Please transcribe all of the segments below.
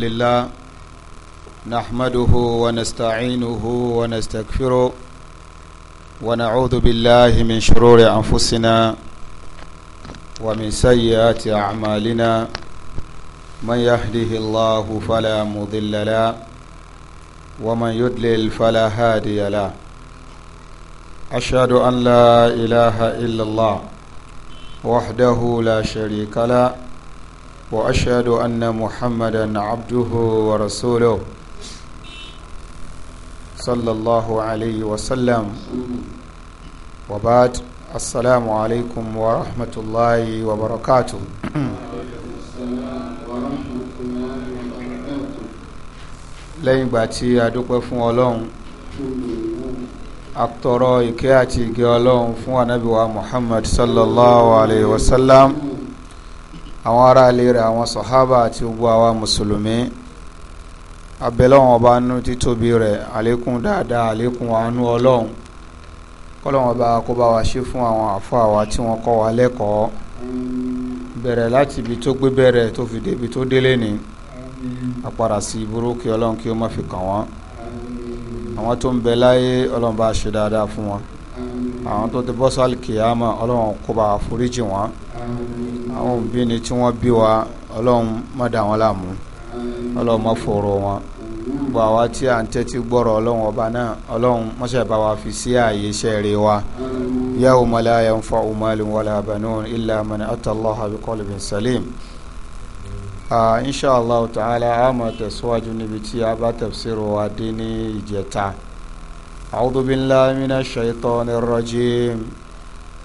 لله نحمده ونستعينه ونستغفره ونعوذ بالله من شرور أنفسنا ومن سيئات أعمالنا من يهده الله فلا مضل له ومن يدلل فلا هادي له أشهد أن لا إله إلا الله وحده لا شريك له واشهد ان محمدا عبده ورسوله صلى الله عليه وسلم وبعد السلام عليكم ورحمه الله وبركاته lẹ́yìn ìgbà tí a dúpẹ́ fún ọlọ́run àtọ̀rọ̀ ìkẹ́ àti ìgẹ́ ọlọ́run fún ànábì muhammad sallallahu alayhi wa sallam àwọn ará ilé rẹ̀ àwọn sọ̀hábà àti gbogbo àwa mùsùlùmí abẹ́lọ́wọ̀n ọba nú títóbi rẹ̀ àlékún dáadáa àlékún àánú ọlọ́run kọ́lọ́wọ́n ọba kó bá wa ṣe fún àwọn àfọ àwa tí wọ́n kọ́ wa lẹ́kọ̀ọ́ bẹ̀rẹ̀ láti ibi tó gbé bẹ̀rẹ̀ tó fi débi tó délé ni àpàrà sí ìburú kí ọlọ́run kí ó má fi kàn wọ́n àwọn tó ń bẹ láyé ọlọ́run bá ṣe dáadáa fún wọn àwọn tó ti bọ́ kìyàmà ọlọ́run kó bá foríjì wọn àwọn òbí ni tí wọ́n bí wa ọlọ́run má dà wọ́n láàmú ọlọ́run má fòrò wọn gbogbo àwa tí à ń tẹ́tí gbọ́rọ̀ ọlọ́run ọba náà ọlọ́run mọ́ṣẹ́ bá wa fi sí ààyè iṣẹ́ rẹ̀ wa yawma la yanfa'u malun wala banun illa man atallaha bi qalbin salim inshallah ta'ala a máa tẹ̀síwájú níbi tí a bá tafsiru wa dé ní ìjẹta a'udhu billahi minash shaitanir rajim.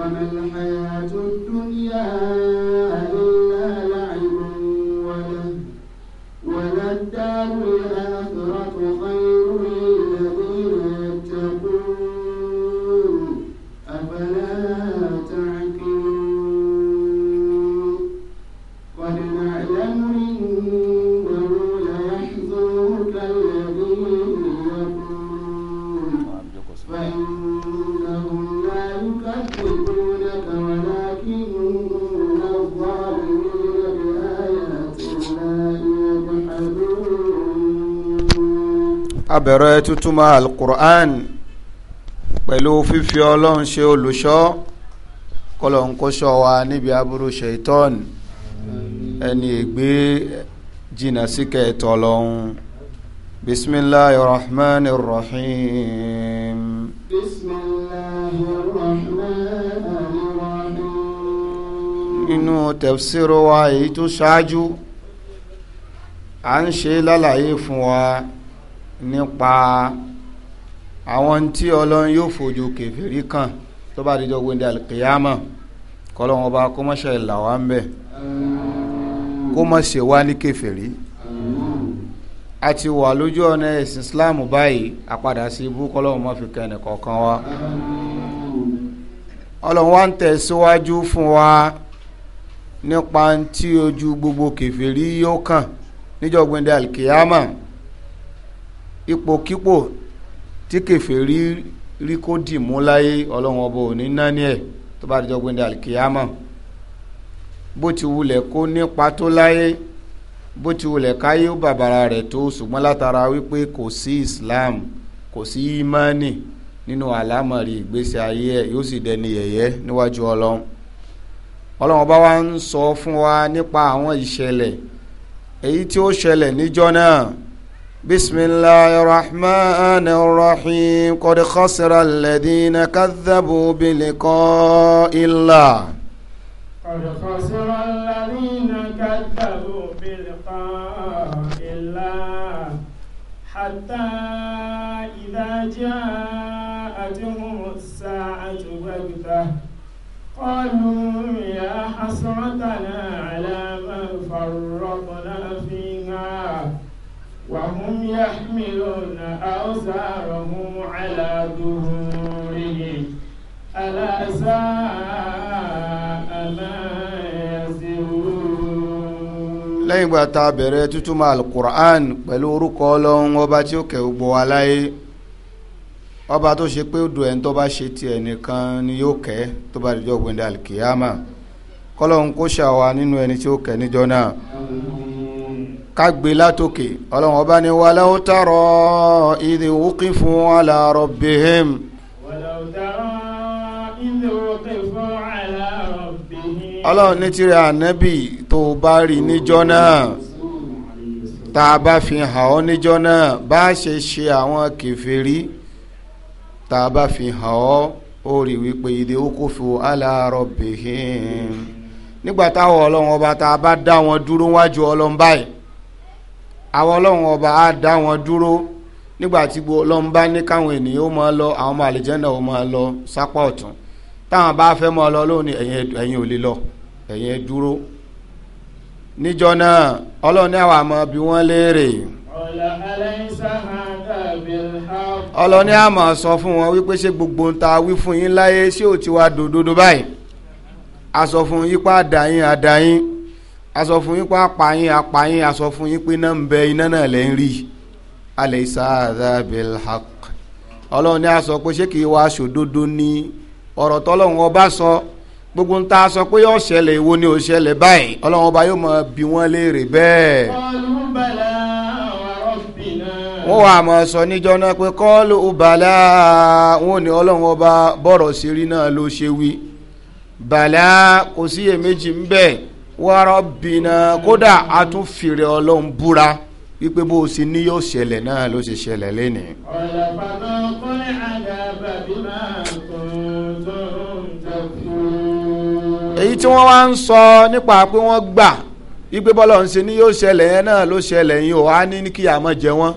وما الحياة الدنيا abẹ̀rẹ̀ tútúmọ̀ alukur'an pẹ̀lú fífi ọlọ́run ṣe olùṣọ́ kọlọ̀n kó ṣọ́ wa níbi aburú ṣèitọ́n ẹni ègbé jìnnà sí kẹtọ́ lọ́hún bisimilahi rahman rahim. bisimilahi rahman rahim. inú tafsir wa èyí tó ṣáájú à ń ṣe lálàyé fún wa nípa àwọn tí ọlọ́run yóò fojú kèfèrí kan tó bá dijọ́ gbẹ̀ndẹ̀ alkiyama kọlọ́run ọba kó má ṣe là wá ń bẹ̀ kó má ṣe wá ní kèfèrí a ti wà lójú ọ̀nà ẹ̀sìn islam báyìí àpadà sí ibú kọlọ́run má fi kẹ́ni kọ̀ọ̀kan wa ọlọ́run wa ń tẹ̀síwájú fún wa nípa tí ojú gbogbo kèfèrí yóò kàn níjọ́ gbẹ̀ndẹ̀ alkiyama ipòkípò tí kèfèrí rí kó dì mú láyé ọlọ́run ọba ò ní náni ẹ̀ tó bá dijọ́ gbẹ̀ndẹ̀ àlìkìyàmọ̀ bó ti wulẹ̀ kó nípa tó láyé bó ti wulẹ̀ káyé ó bàbàrà rẹ̀ tó ṣùgbọ́n látara wípé kò sí Islam kò sí imani nínú àlámọ̀rí ìgbésí ayé ẹ̀ yóò sì dẹni yẹ̀yẹ́ níwájú ọlọ́run ọlọ́run ọba wa ń sọ fún wa nípa àwọn ìṣẹ̀lẹ̀ èyí tí ó ṣẹlẹ̀ níjọ́ náà بسم الله الرحمن الرحيم قد خسر الذين كذبوا بلقاء الله قد خسر الذين كذبوا بلقاء الله حتى إذا جاءتهم الساعة بغتة قالوا يا حسرتنا على ما فرطنا فيها وهم يحملون أوزارهم على ظهورهم ألا ساء ما يزرون lẹ́yìn ìgbà tá a bẹ̀rẹ̀ tútúmọ̀ alukur'an pẹ̀lú orúkọ ọlọ́run ọba tí ó kẹ́ gbọ́ wa láyé ọba tó ṣe pé odò ẹni tó bá ṣe tiẹ̀ nìkan ni yóò kẹ́ tó bá dìjọ́ gbẹ̀ndẹ̀ alikiyama kọ́lọ́run kó ṣàwa nínú ẹni tí ó kẹ́ níjọ́ náà kágbé látòkè ọlọ́run ọba ni walaw tara idh wuqifu ala rabbihim. walaw tara idh wuqifu ala rabbihim. ọlọ́run ní tirẹ̀ ànábì tó o bá rí níjọ́ náà tá a bá fi hàn ọ́ níjọ́ náà bá a ṣe ṣe àwọn kèfèrí tá a bá fi hàn ọ́ ó rí wípé idh wuqifu ala rabbihim nígbà táwọn ọlọ́run ọba tá a bá dá wọn dúró wájú ọlọ́run báyìí àwọn ọlọ́run ọba á dá wọn dúró nígbà tí ọlọ́run bá ní káwọn ènìyàn ó máa lọ àwọn ọmọ àlìjẹ́nà ó máa lọ sápá ọ̀tún táwọn bá fẹ́ máa lọ lónìí ẹ̀yin ò lè lọ ẹ̀yin dúró níjọ́ náà ọlọ́run ní àwọn àmọ́ bí wọ́n léèrè ọlọ́ni a máa sọ fún wọn wípé ṣé gbogbo ń ta wí fún yín láyé ṣé ò ti wá dòdòdó báyìí a sọ fún yín pa àdáyín àdáyín a sọ fún yín pé apààyàn apààyàn a sọ fún yín pé iná ń bẹ iná náà lẹ́ ń rí alaysa hadha bil haqq ọlọ́run a sọ pé ṣé kì í wá aṣòdodo ní ọ̀rọ̀ tọ́lọ́run ọba sọ gbogbo ń ta sọ pé yóò ṣẹlẹ̀ èwo ni ò ṣẹlẹ̀ báyìí ọlọ́run ọba yóò mọ bí wọ́n léèrè bẹ́ẹ̀. wọ́n wà mọ̀ sọ níjọ́ náà pé kọ́ọ̀lù bàlá wọn ò ní ọlọ́run ọba bọ̀rọ̀ sírí náà ló ṣe wí bàlá kò síyèméjì ń bẹ́ẹ̀ wa rabbina kódà a tún fìrẹ ọlọ́run búra wípé bó o ṣe ní yóò ṣẹlẹ̀ náà ló ṣe ṣẹlẹ̀ lénìí. èyí tí wọ́n wá ń sọ nípa pé wọ́n gbà wípé bọ́lọ̀ ń ṣe ní yóò ṣẹlẹ̀ yẹn náà ló ṣẹlẹ̀ yìí ò á ní kí àmọ́ jẹ wọ́n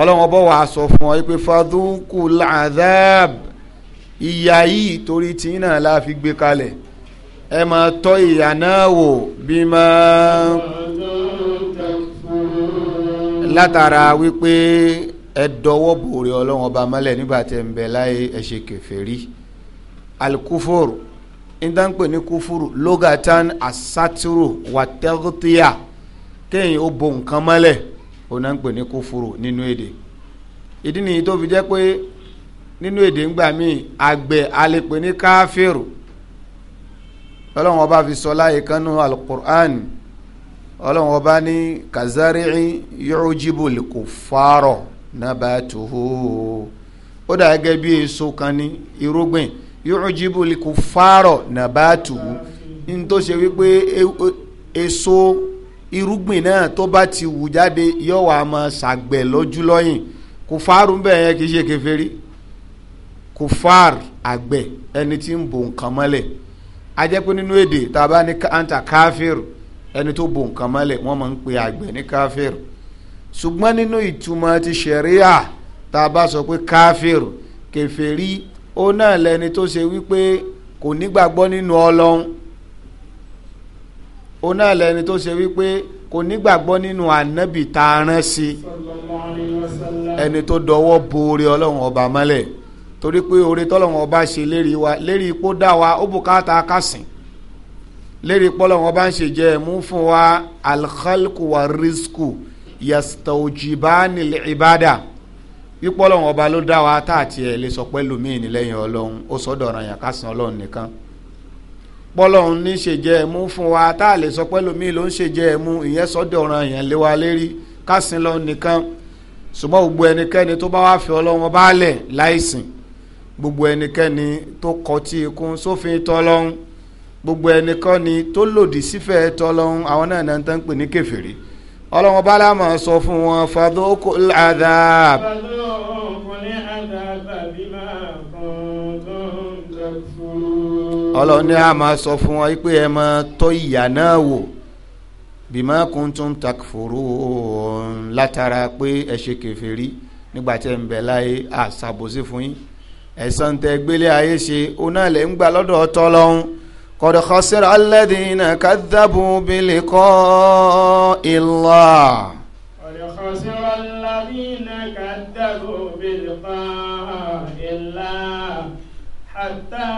ọlọ́run ọbọ̀ wàá sọ fún ọ wípé fadúkú làdáàb ìyá yìí torí tìǹà la fi gbé kalẹ̀ ẹ máa tọ́ ìyà náà wò bí máa látara wípé ẹ dọwọ́ bòrè ọlọ́run ọba mọ́lẹ̀ nígbà tẹ̀ ń bẹ láyé ẹ ṣe kèfèrí alikuforu ìdánpẹ̀ ní kúfúrú logatan asaturu wàtẹ́gùtìyà kéèyàn ó bo nǹkan mọ́lẹ̀ onáńpẹ̀ ní kúfúrú nínú èdè ìdí nìyí tó fi jẹ́ pé nínú èdè ńgbà míì àgbẹ̀ alẹ́pẹ̀ ní káfíìrù ọlọ́run ọba fi sọ láyé kanú alukur'an ọlọ́run ọba ní kazari'i yu'jibu likufaro nabatuhu ó dà gẹ́gẹ́ bí èso kan ní irúgbìn yu'jibu likufaro nabatuhu ní tó ṣe wípé èso irúgbìn náà tó bá ti wù jáde yóò wá máa ṣàgbẹ̀ lójú lọ́yìn kùfàrù ń bẹ̀ yẹn kì í ṣe kèfèrí kùfàr àgbẹ̀ ẹni tí ń bò nǹkan mọ́lẹ̀ ajẹ́pẹ́ nínú èdè tá a bá ní anta káfíìr ẹni tó bò nǹkan mọ́lẹ̀ wọ́n máa ń pe àgbẹ̀ ní káfíìr ṣùgbọ́n nínú ìtumọ̀ ti ṣẹ̀ríà tá a bá sọ pé káfíìr kèfèrí ó náà lẹni tó ṣe wípé kò nígbàgbọ́ nínú ọlọ́run ó náà lẹni tó ṣe wípé kò nígbàgbọ́ nínú ànábì tá a rán sí ẹni tó dọwọ́ bo ọlọ́run ọba mọ́lẹ̀ torí pé oore tọ́lọ́wọ́n ọba ṣe lérí wa lérí ipò dá wa ó bùkátà ká sìn lérí ipò lọ́wọ́n ọba ń ṣe jẹ́ mú fún wa alhalku wa risku yastaujibani ibada ipò lọ́wọ́n ọba ló dá wa tá àti ẹ̀ lè sọ pé lómi ìnìlẹ́yìn ọlọ́run ó sọ́dọ̀ ọ̀ràn yàn ká sìn ọlọ́run nìkan pọ́lọ́run ní ṣe jẹ́ mú fún wa tá a lè sọ pé lómi ló ń ṣe jẹ́ mú ìyẹn sọ́dọ̀ ọ̀ràn yàn lé wa lérí ká sìn lọ́run nìkan ṣùgbọ́n gbogbo ẹnikẹ́ni tó bá wá fi ọlọ́run ọba lẹ̀ láìsìn gbogbo ẹnikẹ́ni tó kọtí ikún sófin tọ́lọ́hún gbogbo ẹnikọ́ni tó lòdì sífẹ́ tọ́lọ́hún àwọn náà náà tán ń pè ní kèfèrí ọlọ́run bá lámà sọ fún wọn fadókòl adab. ọlọ́run ní a máa sọ fún wọn pé ẹ máa tọ́ ìyà náà wò bímọ kúntùn takfòrò látara pé ẹ ṣe kèfèrí nígbà tí ẹ ń bẹ láyé àṣàbòsí fún yín ẹ̀san tẹ gbélé ayé ṣe ọ̀nà lẹ̀ ń gbà lọ́dọ̀ ọ̀tọ̀ lọ́hún kọ̀dọ̀ khasira alladhina kadhabu bi liqa'i Allah. kọ̀dọ̀ khasira alladhina kadhabu bi liqa'i Allah hatta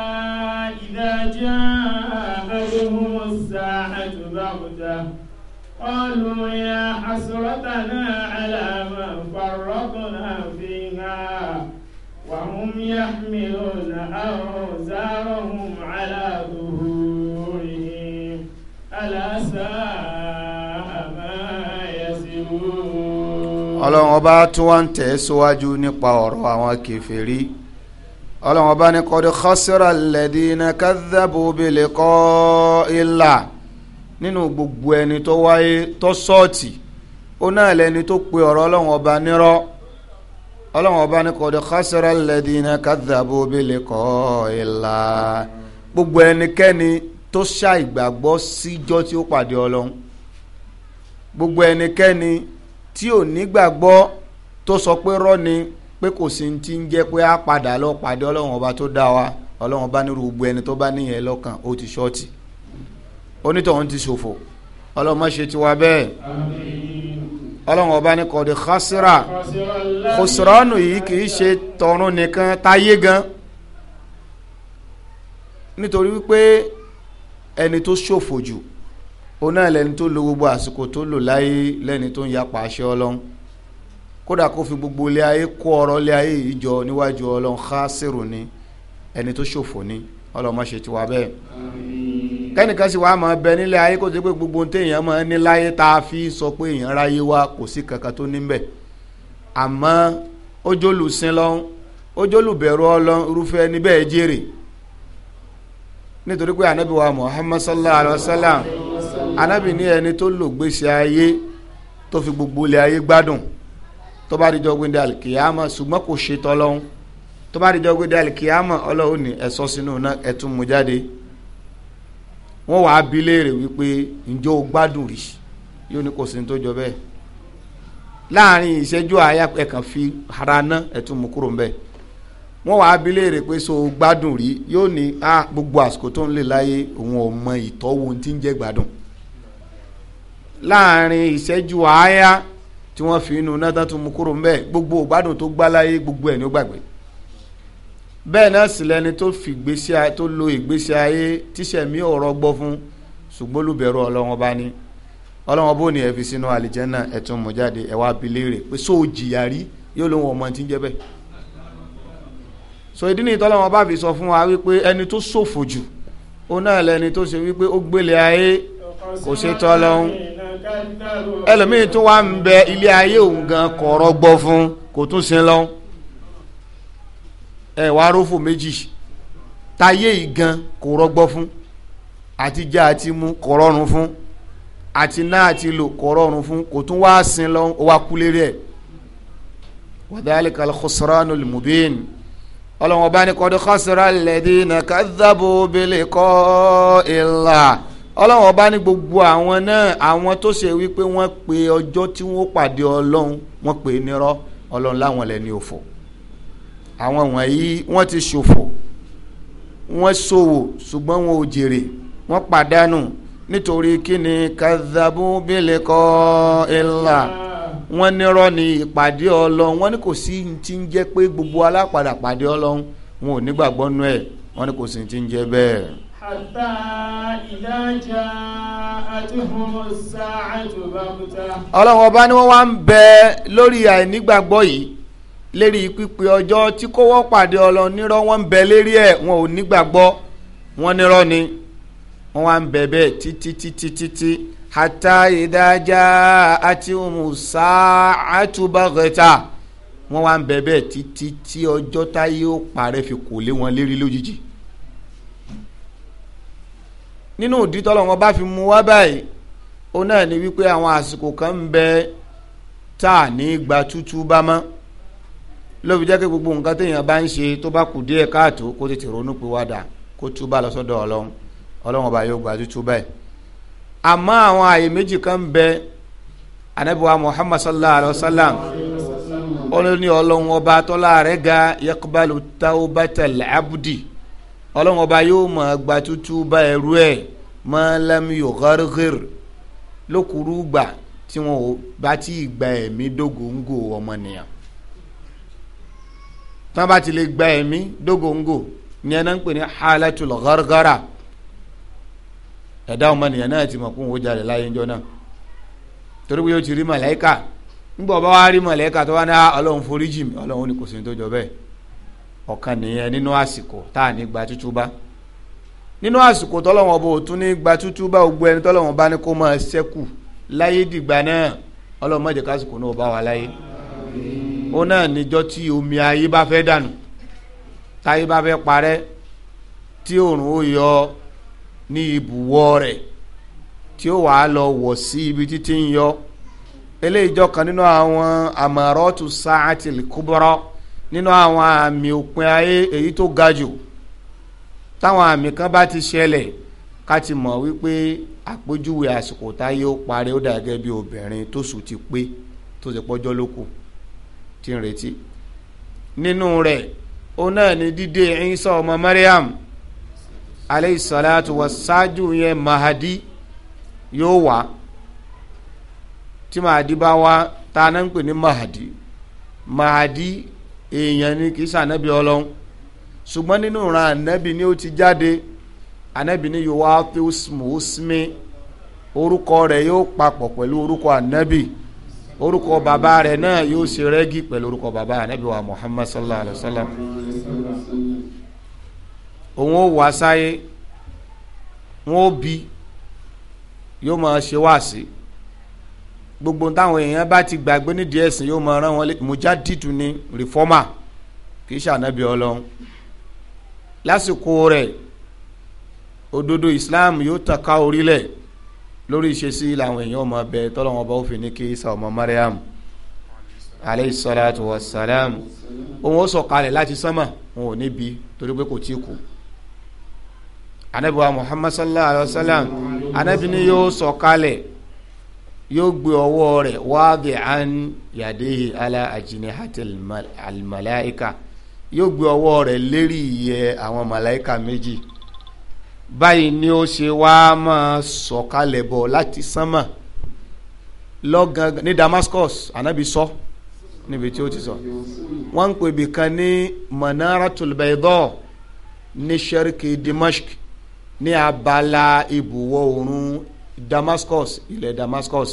idha ja'atuhum as-sa'atu baghta. قالوا يا حسرتنا على ما فرطنا فيها وهم يحملون أوزارهم على ظهورهم ألا ساء ما يزرون ọlọ́run ọba tún wá ń tẹ̀ síwájú nípa ọ̀rọ̀ àwọn kèfèrí ọlọ́run ọba ní kọ́dí khasira alladina kadhabu biliqa'i Allah nínú gbogbo ẹni tó wáyé tó sọ́ọ̀tì ó náà lẹni tó pe ọ̀rọ̀ ọlọ́run ọba nírọ́ ọlọ́run ọba ní kọ́dọ̀ khasara alladhina kadhabu biliqa'illah gbogbo ẹnikẹ́ni tó ṣàìgbàgbọ́ síjọ́ tí ó pàdé ọlọ́run gbogbo ẹnikẹ́ni tí ò nígbàgbọ́ tó sọ pé rọ́ni pé kò sí ti ń jẹ́ pé á padà lọ pàdé ọlọ́run ọba tó dá wa ọlọ́run ọba nírú gbogbo ẹni tó bá níyẹn lọ́kàn ó ti ṣọ́ọ̀tì onítọ̀hún ti ṣòfò ọlọ́run má ṣe tiwa bẹ́ẹ̀ ọlọ́run ọba ní kọ́ọ̀dì khasira khusranu yìí kì í ṣe tọ̀run nìkan táyé gan nítorí wípé ẹni tó ṣòfò jù òun náà lẹni tó lo gbogbo àsìkò tó lò láyé lẹni tó ń yapa àṣẹ ọlọ́run kódà kó fi gbogbo ilé ayé kó ọrọ̀ ilé ayé yìí jọ níwájú ọlọ́run khasiru ni ẹni tó ṣòfò ni. Khasiruni, ọlọ́mọ ṣe ti wá bẹ́ẹ̀ kẹ́nìkan sì wá máa bẹ nílé ayé kó tó pé gbogbo téèyàn máa ní láyé tá a fi sọ pé èèyàn ráyé wá kò sí kankan tó níbẹ̀ àmọ́ ojúlùsìn lọ́hún ojúlùbẹ̀rù ọlọ́hún irúfẹ́ ẹni bẹ́ẹ̀ jèrè nítorí pé anabi wa muhammad sallallahu alaihi wa sallam anabi ní ẹni tó lò gbèsè ayé tó fi gbogbo ilé ayé gbádùn tó bá di jọ gbẹndé alikiyama ṣùgbọ́n kò ṣe tọ́lọ́hún tó bá dijọ́ gbé dalí kíámà ọlọ́run ní ẹ̀sọ́ sínú náà ẹ̀tún mú jáde wọ́n wàá bi léèrè wípé ǹjọ́ o gbádùn rí yóò ní kò sí ní tó jọ bẹ́ẹ̀ láàrin ìṣẹ́jú àyà ẹ̀kan fi ara ná ẹ̀tún mú kúrò ńbẹ̀ wọ́n wàá bi léèrè pé so o gbádùn rí yóò ní a gbogbo àsìkò tó ń lè láyé òun ò mọ ìtọ́wò tí ń jẹ́ gbádùn láàrin ìṣẹ́jú àyà tí wọ́n fi inú náà tán tún kúrò ńbẹ̀ gbogbo ìgbádùn tó gbá láyé gbogbo ẹ̀ ní ó gbàgbé bẹ́ẹ̀ náà sì lẹni tó fi ìgbésí ayé tó lo ìgbésí ayé tíṣẹ̀mí ọ̀rọ̀ gbọ́ fún ṣùgbọ́n olùbẹ̀rù ọlọ́wọ́n bá ní ọlọ́wọ́n bó ní ẹ fi sínú àlìjẹ́nà ẹ̀tún mú jáde ẹ̀wá abilé rẹ̀ pé sóò jìyà rí yóò lóun ọmọ tí ń jẹ́ bẹ́ẹ̀ so ìdí nìyí tọ́lọ́wọ́n bá fi sọ fún wa wípé ẹni tó ṣòfò jù ó náà lẹni tó ṣe wípé ó gbélé ayé kò ṣe tọ́lọ́hún ẹlòmíì tó wà ń bẹ ilé ayé òun gan kọ̀ọ̀rọ̀ gbọ́ fún kò tún sin lọ́hún ẹ wàá rófò méjì táyé ìgan kò rọgbọ fún àti já àti mú kò rọrùn fún àti náà àti lò kò rọrùn fún kò tún wá sin lọ ó wá kú lérí ẹ wadhalika al-khusranu ọlọ́wọ́n bá ní kọ́dọ̀ khasira alladhina kadhabu bi liqa'i Allah ọlọ́wọ́n bá ní gbogbo àwọn náà àwọn tó ṣe wípé wọ́n pe ọjọ́ tí wọ́n pàdé ọlọ́run wọ́n pe nírọ́ ọlọ́run láwọn lẹ́ni òfò àwọn wọ̀nyí wọ́n ti ṣòfò wọ́n ṣòwò ṣùgbọ́n wọn ò jèrè wọ́n pàdánù nítorí kíni kazabu bílẹ̀kọ ìlà wọ́n nírọ́ ni ìpàdé ọlọ́run wọ́n ní kò sí ti ń jẹ́ pé gbogbo alápàdà pàdé ọlọ́run wọn ò nígbàgbọ́ nú ẹ̀ wọ́n ní kò sí ti ń jẹ́ bẹ́ẹ̀. حتى إذا جاءتهم الساعة بغتة. ọlọ́run ọba ni wọ́n wá ń bẹ lórí àìnígbàgbọ́ yìí lérí pípe ọjọ́ tí kò wọ́n pàdé ọlọ́run nírọ́ wọ́n ń bẹ lérí ẹ̀ wọn ò nígbàgbọ́ wọn nírọ́ ni wọ́n wá ń bẹ bẹ́ẹ̀ títí títí títí hata ìdájà àti musa àtúbàgẹ́ta wọ́n wá ń bẹ bẹ́ẹ̀ títí ọjọ́ táyé ó parẹ́ fi kò lé wọn lérí lójijì nínú ìdí tọ́lọ́wọ́n bá fi mú wá báyìí ó náà ní wípé àwọn àsìkò kan ń bẹ tá à ní gba tútú bá mọ́ ló fi jẹ́ kí gbogbo nǹkan téèyàn bá ń ṣe tó bá kù díẹ̀ káàtó kó tètè ronú pé wádà kó túbà lọ́sọ́dọ̀ ọlọ́run ọlọ́run ọba yóò gba túbà ẹ̀. àmọ́ àwọn àyè méjì kan ń bẹ anabiwa muhammad sallallahu alayhi wa sallam ó ní ọlọ́run ọba tọ́lá rẹ̀ ga yaqbalu tawbatal abudi ọlọ́run ọba yóò mọ̀ gba túbà ẹrú ẹ̀ ma lam yugharghir lókùrú gbà tí wọn ò bá tí ì gba ẹ̀mí dógóńgò ọmọnìyàn tí bá ti lè gba ẹ̀mí dógóńgò ní ẹ̀nà ń pè ní halatul ghara ẹ̀dá ọmọnìyàn náà ti mọ̀ kó wọ́n jáde láyé ńjọ́ náà torí pé ti rí wa rí màláìka tó wá ní ah, ọlọ́run foríjì mi ọlọ́run ní kò sí ní tó jọ bẹ́ẹ̀ ọ̀kan nìyẹn nínú àsìkò tá à ní gba nínú àsìkò tọ́lọ́wọ́n ó náà níjọ́ tí omi ayé bá fẹ́ dànù táyé bá fẹ́ parẹ́ tí òòrùn ó yọ ní ibùwọ̀ rẹ̀ tí ó wàá lọ wọ̀ sí ibi títí ń yọ eléyìíjọ́ kan nínú àwọn àmọ̀rọ́tù sáàtì kúbọ́rọ́ nínú àwọn àmì òpin ayé èyí tó ga jù táwọn àmì kan bá ti ṣẹlẹ̀ ká ti mọ̀ wípé àpèjúwe àsìkò táyé ó parí ó dà bí obìnrin tó sùn ti pé tó ti pọ́jọ́ lóko tí ń retí nínú rẹ̀ ó náà ní dídé Ìsá ọmọ Maryam aleyhisalatu wa ṣáájú yẹn mahadi yóò wá tí mahadi bá wá ta náà ń pè ní mahadi mahadi èèyàn ni kì í ṣànábì Ọlọ́run ṣùgbọ́n nínú ìran ànábì ni ó ti jáde ànábì ni yóò wá fi usmu usmi orúkọ rẹ̀ yóò papọ̀ pẹ̀lú orúkọ ànábì orúkọ bàbá rẹ̀ náà yóò ṣe rẹ́gí pẹ̀lú orúkọ bàbá anabi wa muhammad sallallahu alaihi wa sallam òun ó wá sáyé wọn ó bi yóò máa ṣe wáàsí gbogbo táwọn èèyàn bá ti gbàgbé nídìí ẹ̀sìn yóò máa rán wọn létí mujadidu ni rìfọ́mà kì í ṣànábì ọlọ́run lásìkò rẹ̀ òdodo islam yóò tàn orílẹ̀ lórí ìṣesí làwọn èèyàn ọmọ bẹ tọ́lọ́wọ́n bá ó fi ní kí Isa ọmọ Mariam alayhi salatu wa salam òun ó sọ̀kalẹ̀ láti sánmà òun ò níbi torí pé kò tí kú anabiwa Muhammad sallallahu alayhi wa salam anabi ni yóò sọ̀kalẹ̀ yóò gbé ọwọ́ rẹ̀ wáàgì an yàdéhi ala ajinihati almalaika yóò gbé ọwọ́ rẹ̀ lérí ìyẹ́ àwọn malaika méjì báyìí ni ó ṣe wá máa sọ̀kalẹ̀ bọ̀ láti sánmà lọ́gàn ní Damascus anabi sọ níbi tí ó ti sọ wọ́n ń pè bìkan ní Manaratul Bayda ní sẹ́ríkì Dimashq ní abala ibùwọ̀ oòrùn Damascus ilẹ̀ Damascus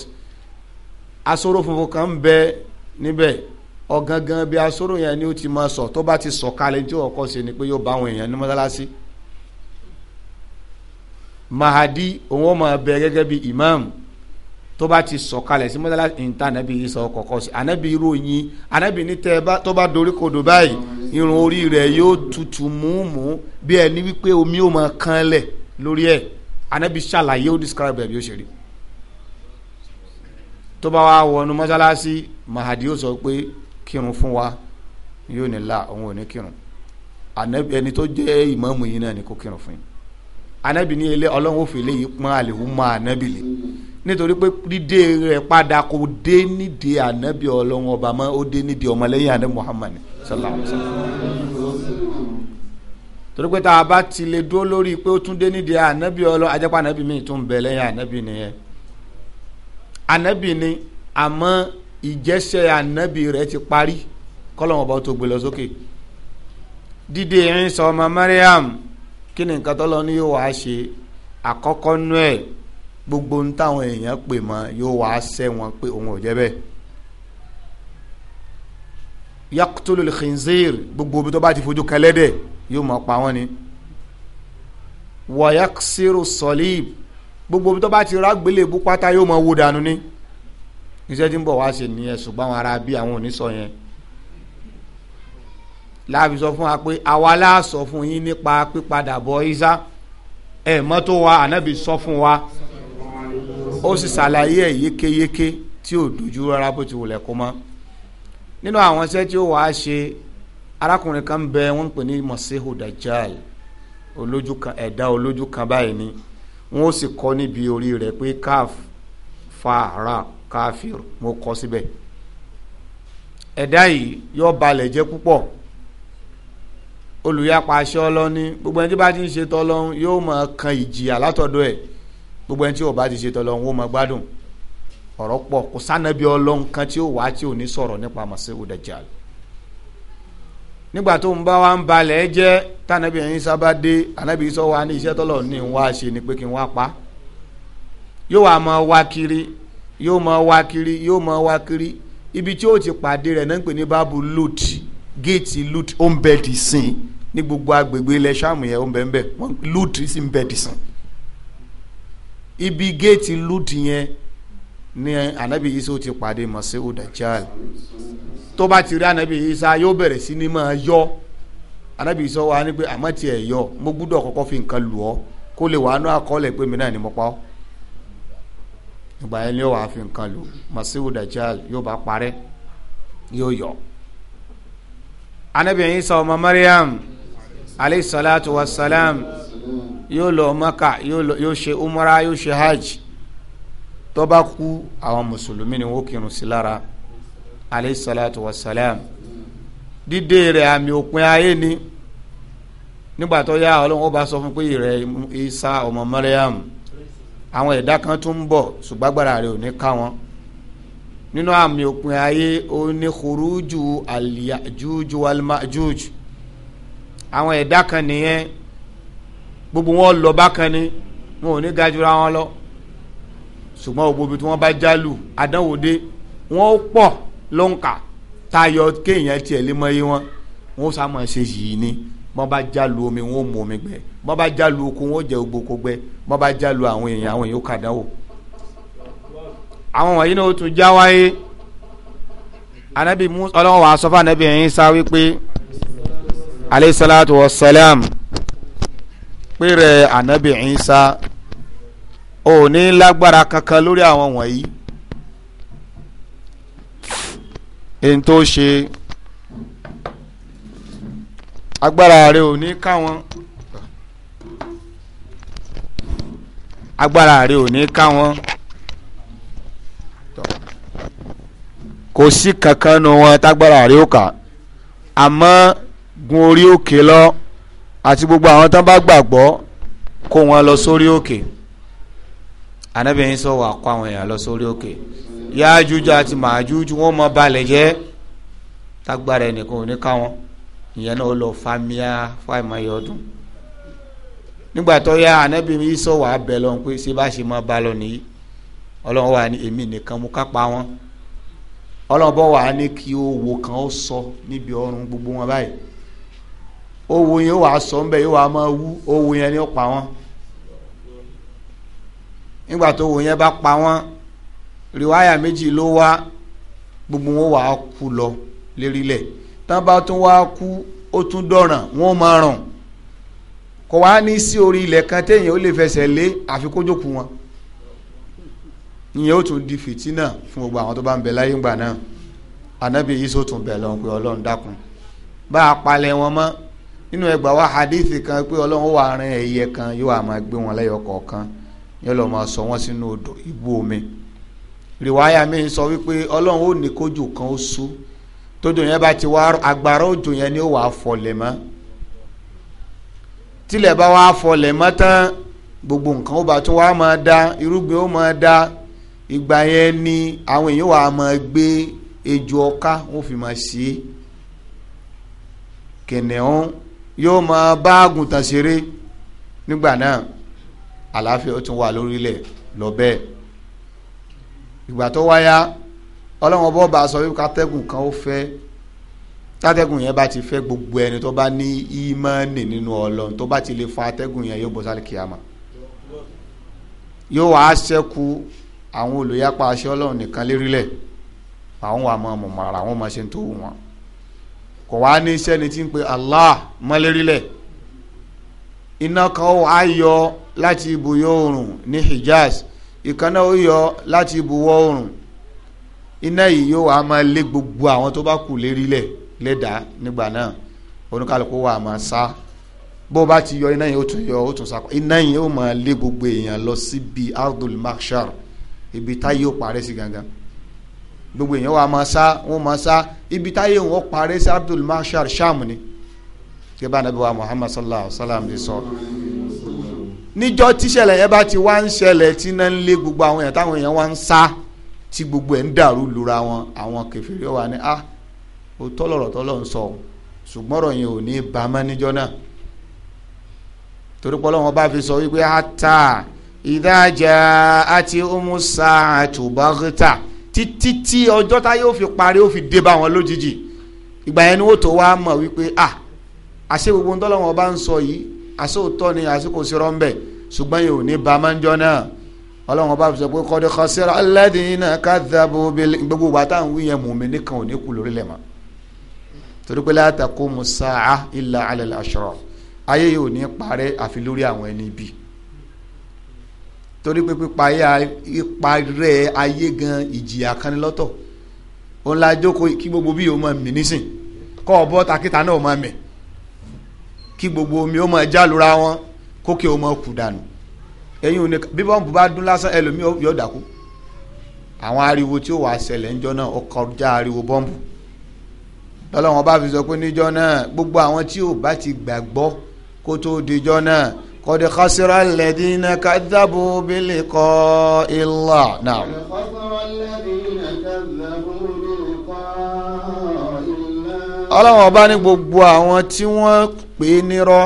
asoro funfun kan ń bẹ níbẹ̀ ọ̀gangan bí asoro yẹn ni ó ti máa sọ tó bá ti sọ̀kalẹ̀ tí ó kọ́ sí ni pé yóò bá àwọn èèyàn ní mọ́tálásí. Si mahadi òun ó máa bẹ gẹ́gẹ́ imam tó bá ti sọ̀kalẹ̀ sí mọ́sálásí níta anabi yìí sọ kọ̀kọ́ sí anabi ìròyìn anabi ní tẹ́ tó bá dorí kodò báyìí irun orí rẹ̀ yóò tutù múmú bí ẹni wípé omi ó máa kan lórí ẹ̀ anabi ṣàlàyé ó describe ẹ̀ bí ó ṣe rí tó bá wá wọnú mọ́sálásí mahadi ó sọ pé kírun fún wa yóò ní la òun ò ní kírun ẹni tó jẹ́ ìmáàmù yìí náà ni kó kírun fún yìí anabi ní ele ọlọ́run òfin lè yí pọ́n àlèhùn mọ́ anabi lè nítorí pé dídé rẹ̀ padà kò dé nídìí anabi ọlọ́run ọba mọ́ ó dé nídìí ọmọlẹ́yìn anabi muhammad sallallahu alayhi wa sallam torí pé tá a bá ti lè dúró lórí pé ó tún dé nídìí anabi ọlọ́run ajẹ́pá anabi mi tún bẹ̀ lẹ́yìn anabi nìyẹn anabi ni àmọ́ ìjẹ́sẹ̀ anabi rẹ̀ ti parí kọ́lọ́run ọba tó gbé lọ sókè dídé Ìsá ọmọ mariam kí ni nǹkan tọ́lọ́ ní yóò wá ṣe àkọ́kọ́ nú ẹ̀ gbogbo ń táwọn èèyàn pè mọ́ yóò wá ṣẹ́ wọn pé òun ò jẹ́ bẹ́ẹ̀ yaqtulul khinzir gbogbo ibi tó bá ti fojú kẹlẹ́dẹ̀ yóò máa pa wọ́n ni wàyàksírù sọlíb gbogbo ibi tó bá ti rágbélé bú pátá yóò máa wó dànù ni iṣẹ́ tí ń bọ̀ wá ṣe nìyẹn ṣùgbọ́n àwọn ará bí àwọn ò ní sọ yẹn láàbí sọ fún wa pé àwa la sọ fún yín nípa pípadà bọ̀ Ìsá ẹ mọ́tò wa ànábì sọ fún wa ó sì ṣàlàyé ẹ̀ yékéyéké tí ò dojú rárá bó ti wùlẹ̀ kó mọ́ nínú àwọn iṣẹ́ tí ó wàá ṣe arákùnrin kan bẹ wọ́n ń pè ní mọ̀síhù dajjal olójú kan ẹ̀dá olójú kan báyìí ni wọ́n ó sì kọ́ níbi orí rẹ̀ pé káf fàárà káfíìr mo kọ́ síbẹ̀ ẹ̀dá yìí yóò balẹ̀ jẹ́ púpọ̀ olùyapa aṣọ ọlọ́ni gbogbo ẹni tí bá ti ń ṣe tọ́lọ́hún yóò máa kan ìjìyà látọ̀dọ̀ ẹ̀ gbogbo ẹni tí ò bá ti ṣe tọ́lọ́hún ó máa gbádùn ọ̀rọ̀ pọ̀ kò sànàbí ọlọ́hún kan tí ó wà tí ò ní sọ̀rọ̀ nípa Masihu Dajjal nígbà tó ń bá wa ń balẹ̀ jẹ́ tànàbí ẹ̀yin sábà dé ànábì sọ wa ní iṣẹ́ tọ́lọ́hún ní wá ni pé kí n wá pa yóò wá máa wá kiri yóò máa wá ní gbogbo agbègbè ilẹ̀ sàmù yẹn ó ń bẹ ń bẹ wọ́n lúùtì sì ń bẹ dìsàn ibi géètì lúùtì yẹn ni anabi isa ti pàdé masiu dajjal tó bá ti rí anabi isa yóò bẹ̀rẹ̀ sí ni máa yọ anabi isa wa ni pé àmọ́ tiẹ̀ yọ mo gbúdọ̀ kọ́kọ́ fi nǹkan lù ọ́ kó lè wàá nú àkọọ́lẹ̀ pé mi náà ni mo pa ọ́ ìgbà yẹn ni yóò wàá fi nǹkan lù masiu dajjal yóò bá parẹ́ yóò yọ anabi isa ọmọ mariam alayhi salatu wa salam yóò lọ maka yóò ṣe umra yóò ṣe hajj tó bá kú àwọn mùsùlùmí ni wọ́n kírun sí lára alayhi salatu wa salam dídé rẹ̀ àmì òpin ayé ni nígbà tó yá ọlọ́run ó bá sọ fún pé ìrẹ̀ Isa ọmọ Mariam àwọn ẹ̀dá kan tún ń bọ̀ ṣùgbàgbára rẹ̀ ò ní ká wọn nínú àmì òpin ayé ó ní khuruju al-Yajuj wal-Majuj àwọn ẹ̀dá kan nìyẹn gbogbo wọn lọ bákan ni wọn ò ní ga jura wọn lọ ṣùgbọ́n gbogbo tí wọ́n bá jálù àdánwò dé wọ́n pọ̀ ló ń kà tayọ kéèyàn tiẹ̀ lé mọ́yé wọn wọ́n sá máa ṣe yìí ni bọ́n bá jálù omi wọn ò mú omi gbẹ bọ́n bá jálù oko wọn ò jẹ gbogbo kó gbẹ bọ́n bá jálù àwọn èèyàn àwọn èèyàn ó kàdánwò. àwọn wọ̀nyí ni ó tún já wáyé anabi musa ọlọ́wọ́ wa sọ fún anabi ẹ̀yin sá wípé alayhi salatu wa salam pèrè anabi Isa ò ní lágbára kankan lórí àwọn wọ̀nyí èyí tó ṣe agbára rẹ ò ní káwọn agbára rẹ ò ní káwọn kò sí kankan nu wọn tágbára rẹ ò kà àmọ́ gun orí òkè lọ àti gbogbo àwọn tán bá gbàgbọ́ kó wọn lọ sórí òkè Ànábì yín sọ wàá kó àwọn èèyàn lọ sórí òkè Yájújú àti Májújú wọn mọ balẹ̀ jẹ́ tágbára ẹnìkan ò ní ká wọn ìyẹn náà ó lọ fàmíà fàmíà ọdún nígbà tó yá Ànábì yín sọ wàá bẹ̀ lọ pé ṣé bá ṣe mọ bá lọ nìyí Ọlọ́run wà ní èmi nìkan mú ká wọn Ọlọ́run bọ̀ wà ní kí owó kan ó sọ níbi ọrùn gbogbo wọn báyìí owó yẹn ó wàá sọ ń bẹ yóò wàá máa wú owó yẹn ni ó pa wọn nígbà tó owó yẹn bá pa wọn rìwáyà méjì ló wá gbogbo wọn wàá kú lọ lérílẹ̀ tán bá tún wá kú ó tún dọ̀ràn wọn máa ràn kò wá ní sí orí ilẹ̀ kan téèyàn ó lè fẹsẹ̀ lé àfikójókù wọn ìyẹn ó tún di fìtínà fún gbogbo àwọn tó bá ń bẹ láyé ńgbà náà ànábì sọ tún bẹ̀ lọ́n pé ọlọ́run dákun bá a palẹ̀ wọn mọ́ nínú ẹgbàá wa hadithi kan pé ọlọ́run wà rán ẹyẹ kan yóò wá máa gbé wọn lẹ́yọ kọ̀ọ̀kan yóò lọ́ọ́ máa sọ wọ́n sínú odò ibú omi rìwáyà mi sọ wípé ọlọ́run ò ní kójú kan ó sú tójú yẹn bá ti wá agbára òjò yẹn ni ó wàá fọlẹ̀ mọ́ tilẹ̀ bá wàá fọlẹ̀ mọ́ tán gbogbo nǹkan ó bá tún wàá máa da irúgbìn ó máa da ìgbà yẹn ni àwọn èèyàn wàá máa gbé ejò ọká wọn fi máa ṣe kẹnẹ̀ọ́n yóò máa bá àgùntàn ṣeré nígbà náà àlàáfíà ó tún wà lórílẹ̀ lọ bẹ́ẹ̀ ìgbà tó wáyá ọlọ́wọ́n bọ́ bá a sọ wípé kátẹ́gùn kan ó fẹ́ tátẹ́gùn yẹn bá ti fẹ́ gbogbo ẹni tó bá ní ímánì nínú ọlọ́run tó bá ti lè fa atẹ́gùn yẹn yóò bọ́ sálẹ̀ kíámà yóò wá ṣẹ́kù àwọn olùyapa aṣọ nìkan lérílẹ̀ àwọn àmọ́ mọ̀mọ́ ara wọn máa ṣe ń tó wù wọ́n kò wá ní sẹ́ni tí ń pe Allah mọ́lérílẹ̀ iná kan ó á yọ láti ibùyọ oòrùn ní Hijaz ìkànnà ó yọ láti ibùwọ̀ oòrùn iná yìí yóò wá máa lé gbogbo àwọn tó bá kù lérílẹ̀ lẹ́dàá nígbà náà oníkàlùkù wà máa sá bó bá ti yọ iná yìí ó tún yọ ó tún sá iná yìí ó máa lé gbogbo èèyàn lọ síbi ardul makshar ibi táyé ó parẹ́ sí gangan gbogbo èèyàn wa máa sá wọn máa sá ibi táyé wọn parí sí Abdul Mashar Sham ni gẹ́gẹ́ bá nàbí wa Muhammad sallallahu alayhi wa sallam ti sọ. níjọ́ tíṣẹ̀lẹ̀ yẹn bá ti wá ń ṣẹlẹ̀ tí náà ń lé gbogbo àwọn èèyàn táwọn èèyàn wá ń sá tí gbogbo ẹ̀ ń dàrú lura wọn àwọn kẹfìrí wa ni a ah, ò tọ́lọ̀rọ̀ tọ́lọ̀ ń sọ ṣùgbọ́n ọ̀rọ̀ yẹn ò ní bá mọ́ níjọ́ náà torí pé bá fi sọ wípé ata ìdájà àti umusa àtúbágítà títí tí ọjọ́ tá yóò fi parí ó fi dé bá wọn lójijì ìgbà yẹn ni wọ́n tó wá mọ̀ wípé ah àṣé gbogbo ń tọ́lọ́wọ́n bá ń sọ yìí àṣé òótọ́ ni àṣé kò sí rọ́ńbẹ́ ṣùgbọ́n yìí ò ní ba máa ń jọ náà ọlọ́wọ́n bá fi sọ pé kọ́dé kọ́sẹ́rọ́ aládìyìn náà ká dábò bẹ́ẹ̀ gbogbo wa tá à ń wí yẹn mùmí nìkan ò ní kú lórí lẹ̀ torí pé látàkó musa ilà alẹ́ làṣọ̀rọ̀ ayé yìí ò ní parẹ́ àfi lórí àwọn ẹni bíi torí pé pípa ipa rẹ ayé gan ìjìyà kan ní lọ́tọ̀ òun la jókòó kí gbogbo bí yóò máa mì nísìn kọ́ ọ̀bọ takíta náà máa mì kí gbogbo omi ó máa jálura wọn kókè ó máa kù dànù ẹ̀yin òní bí bọ́ǹbù bá dún lásán ẹlòmíì yóò dákú àwọn ariwo tí ó wàá ṣẹlẹ̀ níjọ́ náà ó kọjá ariwo bọ́ǹbù lọ́lọ́wọ́n bá fi sọ pé níjọ́ náà gbogbo àwọn tí ò bá ti gbàgbọ́ kó tó dijọ́ náà قد خسر الذين كذبوا بلقاء الله نعم قد خسر الذين كذبوا بلقاء الله ọlọ́run ọba ní gbogbo àwọn tí wọ́n pè é nírọ́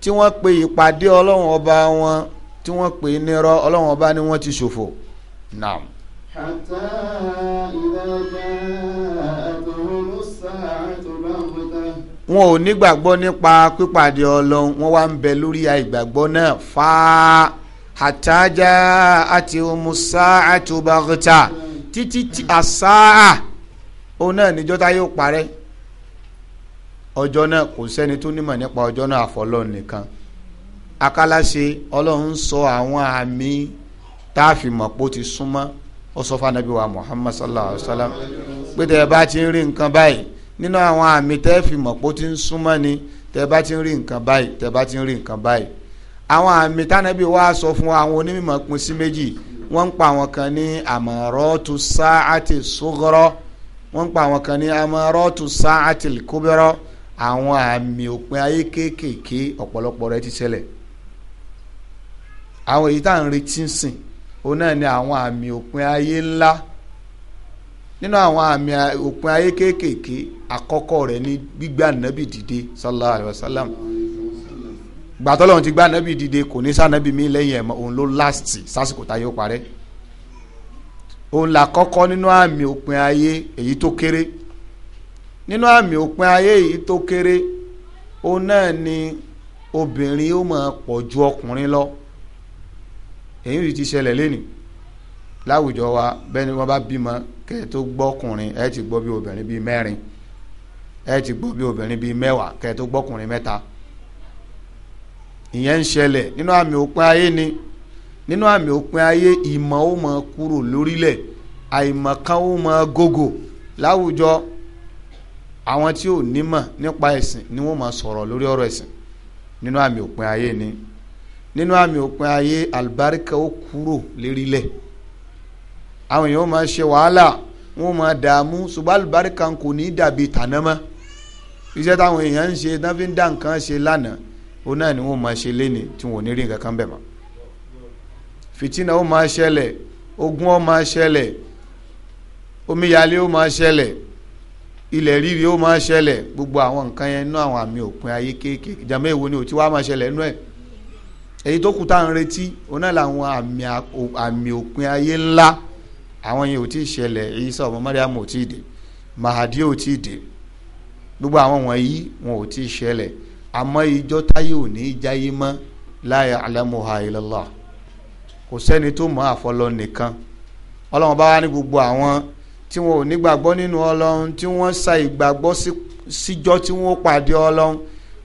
tí wọ́n pè ìpàdé ọlọ́run ọba wọn tí wọ́n pè é ni wọ́n ti ṣòfò. naam. حتى إذا كان wọn ò nígbàgbọ́ nípa pípàdé ọlọ́run wọn wá ń bẹ lórí àìgbàgbọ́ náà fáá àtàjà àti musa àti bàgìtà títí tí òun náà níjọ́ tá yóò parẹ́ ọjọ́ náà kò sẹ́ni tó nímọ̀ nípa ọjọ́ náà nìkan akálàṣe ọlọ́run sọ àwọn àmì tá a fi mọ̀ pé ó ti súnmọ́ ó sọ fún wa muhammad sallallahu alaihi wa nínú àwọn àmì tẹ́ fi mọ̀ pé ó ti ń súnmọ́ ni tẹ́ bá ti ń rí nǹkan báyìí tẹ́ bá ti ń rí nǹkan báyìí àwọn àmì tánàbí wa sọ fún àwọn onímọ̀ pín sí méjì wọ́n ń pa àwọn kan ní àmọ̀rọ́tù sáàtì sógọ́rọ́ wọ́n ń pa àwọn kan ní àmọ̀rọ́tù sáàtì kóbẹ́rọ́ àwọn àmì òpin ayé kéékèèké ọ̀pọ̀lọpọ̀ rẹ̀ ti ṣẹlẹ̀ àwọn èyí tá à ń retí sìn òun náà ni àwọn àmì òpin ayé ńlá nínú àwọn àmì òpin ayé kéékèèké àkọ́kọ́ rẹ̀ ní gbígbà nábì dìde sallallahu alayhi wa sallam gbàtọ́lọ́hún ti gbà nábì dìde kò ní sànábì mí lẹ́yìn ẹ̀mọ́ òun ló last sásìkò táyé ó parẹ́ òun là kọ́kọ́ nínú àmì òpin ayé èyí tó kéré nínú àmì òpin ayé èyí tó kéré òun náà ni obìnrin ó máa pọ̀ ju ọkùnrin lọ èyí ti ṣẹlẹ̀ lẹ́nìí láwùjọ wa bẹ́ẹ̀ ni wọ́n bá bímọ kẹ́ ẹ tó gbọ́kùnrin ẹ ti gbọ́ bí obìnrin bíi mẹ́rin ẹ ti gbọ́ bí obìnrin bíi mẹ́wàá kẹ́ ẹ tó gbọ́kùnrin mẹ́ta ìyẹn ń ṣẹlẹ̀ nínú àmì òpin ayé ni nínú àmì òpin ayé ìmọ̀ ó máa kúrò lórílẹ̀ àìmọ̀ kan ó máa gógò láwùjọ àwọn tí ò nímọ̀ nípa ẹ̀sìn ni wọ́n máa sọ̀rọ̀ lórí ọ̀rọ̀ ẹ̀sìn nínú àmì òpin ayé ni nínú àmì òpin ayé àlùbáríkà ó kúrò lérílẹ̀ àwọn èèyàn máa ṣe wàhálà wọn máa dààmú ṣùgbọ́n àlùbáríkà kò ní dàbí tàná mọ́ iṣẹ́ táwọn èèyàn ń ṣe tán fi ń dá nǹkan ṣe lánàá òun náà ni wọn máa ṣe léni tí wọn ò ní rí nǹkan kan bẹ̀ mọ́ fìtínà ó máa ṣẹlẹ̀ ogun ó máa ṣẹlẹ̀ omíyalé ó máa ṣẹlẹ̀ ilẹ̀ ríri ó máa ṣẹlẹ̀ gbogbo àwọn nǹkan yẹn nínú àwọn àmì òpin ayé kéékèèké jàmbá èwo ni òtí wàá máa ṣẹlẹ̀ nínú ẹ̀ èyí tó kù tá retí òun náà làwọn àmì òpin ayé ńlá àwọn yìí ò tí ì ṣẹlẹ̀ Ìsá ọmọ Mariam ò tí ì dé Mahadi ò tí ì dé gbogbo àwọn wọ̀nyí wọn ò tí ì ṣẹlẹ̀ àmọ́ ìjọ táyé ò ní í jáyé mọ́ la ya'lamuha illallah kò sẹ́ni tó mọ̀ àfọlọ́ nìkan ọlọ́run bá wá ní gbogbo àwọn tí wọn ò nígbàgbọ́ nínú ọlọ́run tí wọ́n sa ìgbàgbọ́ síjọ́ tí wọ́n pàdé ọlọ́run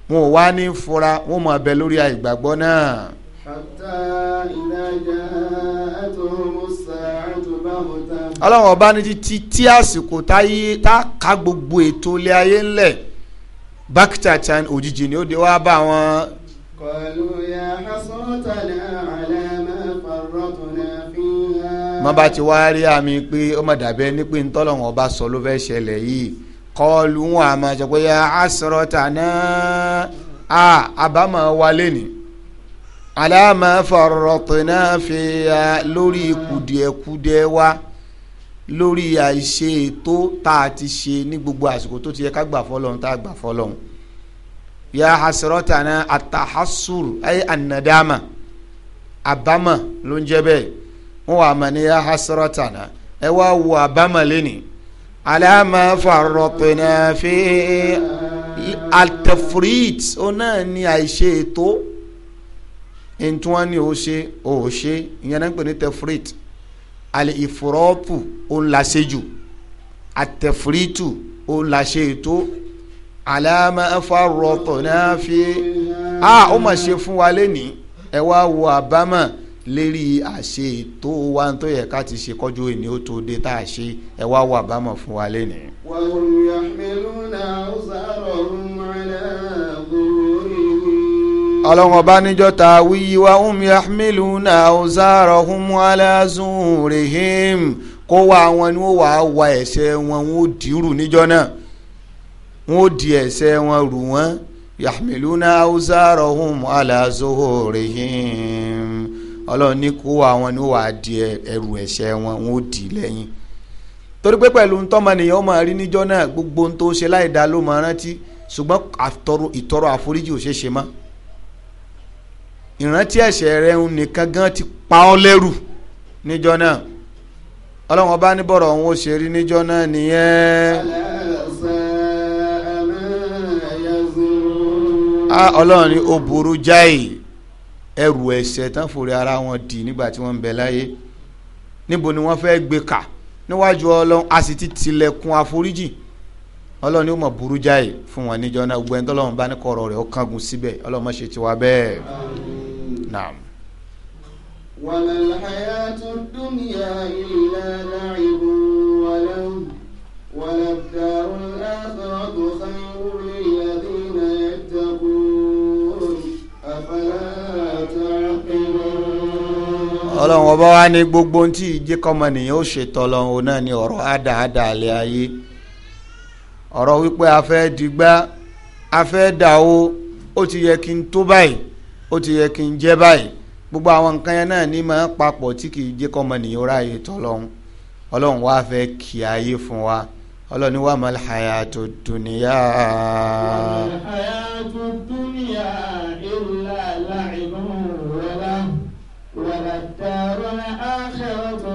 wọn ò wá ní fura wọn mọ̀ abẹ ọlọ́run ọba ní títí tí àsìkò táyé tá ká gbogbo ètò ilé ayé ńlẹ̀ bákítà tan òjijì ni ó de wá bá wọn. kọlu ti wá rí àmì pé ó má dàbẹ́ ní pé ntọ́lọ́wọ́n ọba sọ ló fẹ́ ṣẹlẹ̀ yìí kọlu wọn àmọ́ ṣe pé ya hasratana a àbámọ̀ wálé ni alama farrotina fiya lórí kùdìẹ̀kùdìẹ̀ wa lórí àìṣe ètò tá a ti ṣe ní gbogbo àsìkò tó ti yẹ ká gbà fọlọ́hún tá a gbà fọlọ́hún ya hasrotana atahasur ayi anadama abama ló ń jẹ bẹ́ẹ̀ wọn wà mà ní ya hasrotana ẹ wá wo abama lẹ́ni alama farrotina fiya altafurit ọ náà ní àìṣe ètò ntí wọn ní o ṣe o ṣe ìyẹn náà ń pè ní tefrit àlè ìfúrọ́pù ó ń la ṣe jù àtẹ̀fúrítù ó ń la ṣe ètò àlàmà ẹ̀fọ́rọ̀pọ̀ náà fi a ó mà ṣe fún wa lẹ́nìí ẹ wá wo àbámọ̀ lérí àṣe ètò wa tó yẹ ká ti ṣe kọjú ènìyàn ó tó dé tá a ṣe ẹ wá wo àbámọ̀ fún wa lẹ́nìí. wàhùn yàmílùú náà ó sàrọ̀ ọ̀run ọlọ́wọ́n bá níjọ́ ta wíyí wa um yahmiluna awzarahum ala zurihim kó wá àwọn ni wọ́n wà á wa ẹ̀ṣẹ̀ wọn wọ́n ó dìrù níjọ́ náà wọ́n ó di ẹ̀ṣẹ̀ wọn rù wọ́n yahmiluna awzarahum ala zurihim ọlọ́run ní kó àwọn ni wọ́n wà á di ẹrù ẹ̀ṣẹ̀ wọn wọ́n ó dì lẹ́yìn torí pé pẹ̀lú ntọ́mọnìyàn máa rí níjọ́ náà gbogbo ohun tó ṣe láì dá ló máa rántí ṣùgbọ́n ìtọrọ àforíjì ò ṣeé ṣe mọ́ ìrántí ẹ̀ṣẹ̀ rẹ ń nìkan gan ti pa ọ́ lẹ́rù níjọ́ náà ọlọ́run ọba níbọ̀rọ̀ òun ó ṣe rí níjọ́ náà nìyẹn. a ọlọ́run ní ó burú jáì ẹrù ẹ̀ṣẹ̀ tán fòrè ara wọn dì nígbà tí wọ́n ń bẹ láyé níbo ni wọ́n fẹ́ gbé kà níwájú ọlọ́run a sì ti tilẹ̀kùn àforíjì ọlọ́run ni ó mọ̀ burú jáì fún wọn níjọ́ náà gbẹ́ńtọ́ ọlọ́run bá ní kọ̀ọ̀rọ̀ rẹ̀ ó kángun síbẹ̀ ọlọ́run má ṣe tiwa bẹ́ẹ̀. نعم وما الحياة الدنيا إلا لعب ولو وللدار الآخرة خير للذين يتقون أفلا تعقلون ọba wa ní gbogbo ohun tí ó ṣe tọ́lọ́run náà ni ọ̀rọ̀ àdáadá alẹ́ ayé ọ̀rọ̀ wípé a fẹ́ digbá dàwó ó ti yẹ kí n tó báyìí ó ti yẹ kí n jẹ́ báyìí gbogbo àwọn nǹkan yẹn náà ní máa ń papọ̀ tí kì í jẹ́ kọ́ ọmọnìyàn ráàyè tọ́lọ́hún ọlọ́run wá fẹ́ kí ayé fún wa ọlọ́run ní wà má hayatu dunya. hayatu dunya illa la'ibun wala wala darul akhiratu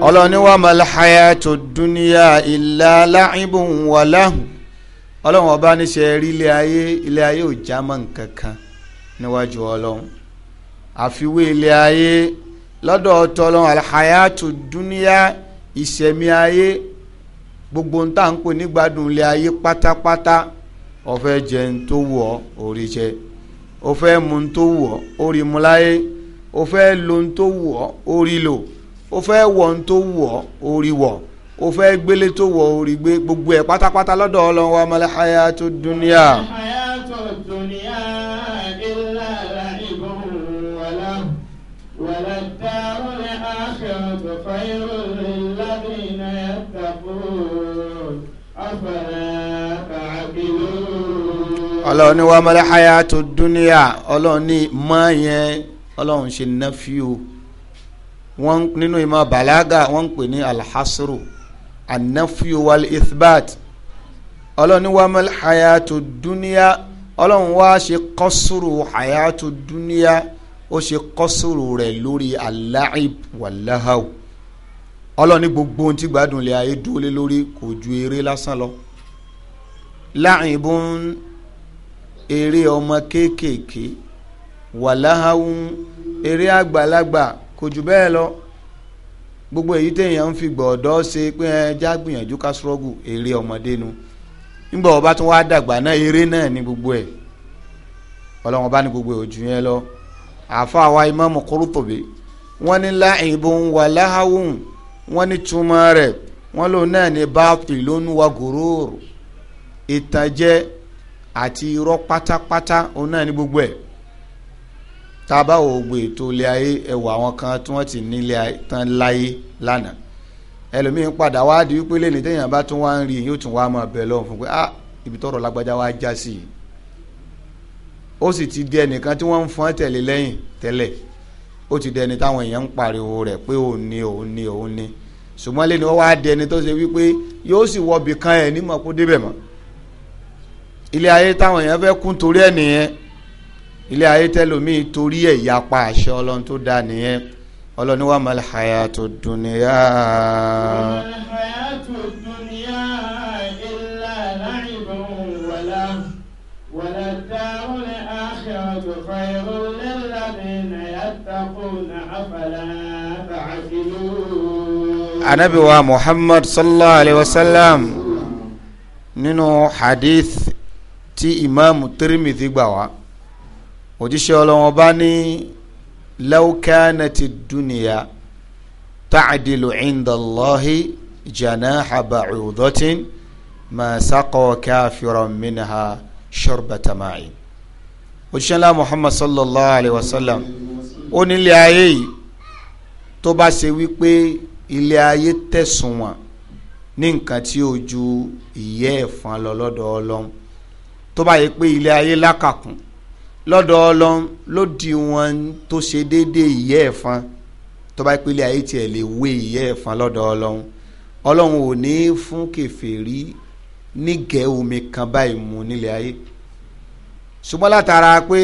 ọlọ́ni wa mal hayatu dunya illa la'ibun wa lahu ọlọ́run ọba ní ṣe rí ilé ayé ilé ayé ò já mọ́ nǹkan kan níwájú ọlọ́run àfiwé ilé ayé lọ́dọ̀ ọ̀tọ̀ ọlọ́run al hayatu dunya ìṣẹ̀mí ayé gbogbo nta ń pè nígbádùn ilé ayé pátápátá ó fẹ́ jẹ ń tó wù ọ́ orí jẹ ó mu ń tó wù ọ́ orí mu láyé ó lo ń tó wù ọ́ orí lò ó fẹ́ wọ̀ ń tó wọ̀ orí wọ̀ ó fẹ́ gbélé tó wọ̀ orí gbé gbogbo ẹ̀ pátápátá lọ́dọ̀ ọlọ́run wa mal hayatud dunya. hayatud dunya illa wa ladarul akhiratu khayrun lilladhina yattaqun ni wa yẹn ọlọ́run ṣe náfíù wọ́n nínú ìmọ̀ bàlágà wọ́n ń pè ní alhasru anafiyu wal ithbat ọlọ́ni wàmẹ́l hayatu duniya ọlọ́run wá ṣe kọ́sùrù hayatu duniya ó ṣe kọ́sùrù rẹ̀ lórí alaib wàláhàw ọlọ́ni gbogbo ohun tí gbádùn lè ayé dúró lórí kò ju eré lásán lọ láìbùn eré ọmọ kéékèèké wàláhàw eré àgbàlagbà kò jù bẹ́ẹ̀ lọ gbogbo èyí téèyàn ń fi gbọ̀ọ́dọ́ ṣe pé ẹ já gbìyànjú ká ṣọ́gù èrè ọmọdé nu nígbà wọn bá tún wáá dàgbà náà eré náà ní gbogbo ẹ̀ ọlọ́wọ́n bá ní gbogbo ojú yẹn lọ àáfàá wa imáàmù Qurtubi wọ́n ní láìbùn wà láhàwùn wọ́n ní túmọ̀ rẹ̀ wọ́n lòun náà ní báàpì ló wa gòróró ìtànjẹ àti irọ́ pátápátá òun náà ní gbogbo ẹ̀ tá a bá wo gbogbo ètò ilé ayé ẹwà àwọn kan tí wọ́n ti nílé tán láyé lánàá ẹlòmíín padà wá di wípé lẹ́ni téèyàn bá tún wá ń rí yóò tún wá máa bẹ̀ lọ́hùn fún pé ah ibi tọ́rọ̀ lágbájá wá já sí i ó sì ti di ẹnìkan tí wọ́n ń fọ́n tẹ̀lé lẹ́yìn tẹ́lẹ̀ ó ti di ẹni táwọn èèyàn ń pariwo rẹ̀ pé òun ni òun ni òun ni ṣùgbọ́n lẹ́ni ó wá di ẹni tó ṣe wípé yóò sì wọbi kan ẹ̀ nímọ̀ kó débẹ̀ mọ́ ilé ayé táwọn èèyàn fẹ́ kún torí ẹ̀ nìyẹn ilé ayé tẹlomi torí ẹ̀ yapa àṣẹ ọlọ́run tó dá nìyẹn ọlọ́run wà mal hayatu dunya. mal hayatu dunya illa la'ibun wala wala darul akhiratu khayrun lil ladina yattaquna afala ta'qilun. anabi wa muhammad sallallahu alayhi wa sallam nínú hadith tí imaamu tirimidi gbà wá òjíṣẹ́ ọlọ́wọ́n bá ní lawkanati dunya ta'dilu indallahi janaha ba'udatin ma saqa kafiran minha shorbata ma'in òjíṣẹ́ ńlá muhammad sallallahu alayhi wa sallam ó nílé ayé yìí tó bá ṣe wípé ilé ayé tẹ̀sùn wọn ní nǹkan tí ó ju ìyẹ́ ẹ̀fọn lọ tó bá yẹ pé ilé ayé lákàkún lọ́dọ̀ ọlọ́run ló di wọn tó ṣe déédéé ìyẹ́ ẹ̀fọn tó bá ayé tiẹ̀ lè wé ìyẹ́ ẹ̀fọn lọ́dọ̀ ọlọ́run ọlọ́run ò ní fún kèfèrí gẹ̀ẹ́ omi kan báyìí mu nílẹ̀ ayé ṣùgbọ́n látara pé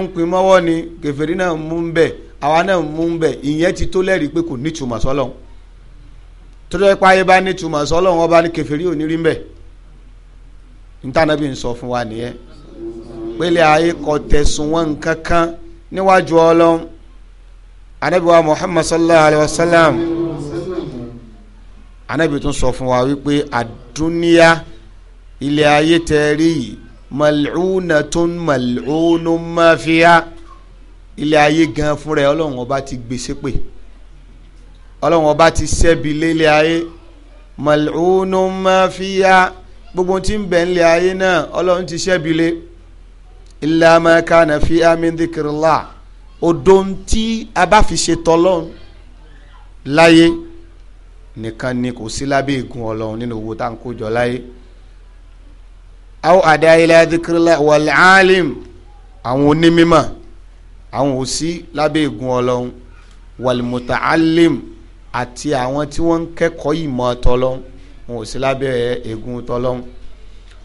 ń pin mọ́wọ́ ni náà mú ń bẹ̀ àwa náà mú ń bẹ̀ ìyẹn ti tó lẹ́rìí ayé ọba ní ò ní rí ń bẹ̀ ìpele ayé kò tẹ̀sùn wọn kankan níwájú ọlọ́run anabi wa muhammad sallallahu alayhi wa sallam anabi tún sọ fún wa wípé àdúnyá ilé ayé tẹ̀rí yìí mal'unatun mal'unun ma fiha ilé ayé gan fúnra ẹ ọlọ́run ọba ti gbèsè pé ọlọ́run ọba ti sẹ́bi lélé ayé mal'unun ma gbogbo tí ń bẹ nílé ayé náà ọlọ́run ti sẹ́bi lé illa ma kana fi amin dhikrillah odò tí a bá fi ṣe tọ́lọ́n láyé nìkan ni kò sí lábẹ́ ègún ọlọ́run nínú owó tá à ń kó jọ láyé. aw ada ila dhikrillah wal alim àwọn onímọ̀ àwọn ò sí lábẹ́ ègún ọlọ́run wal muta'allim àti àwọn tí wọ́n ń kẹ́kọ̀ọ́ ìmọ̀ tọ́lọ́n wọn ò sí lábẹ́ ègún tọ́lọ́n.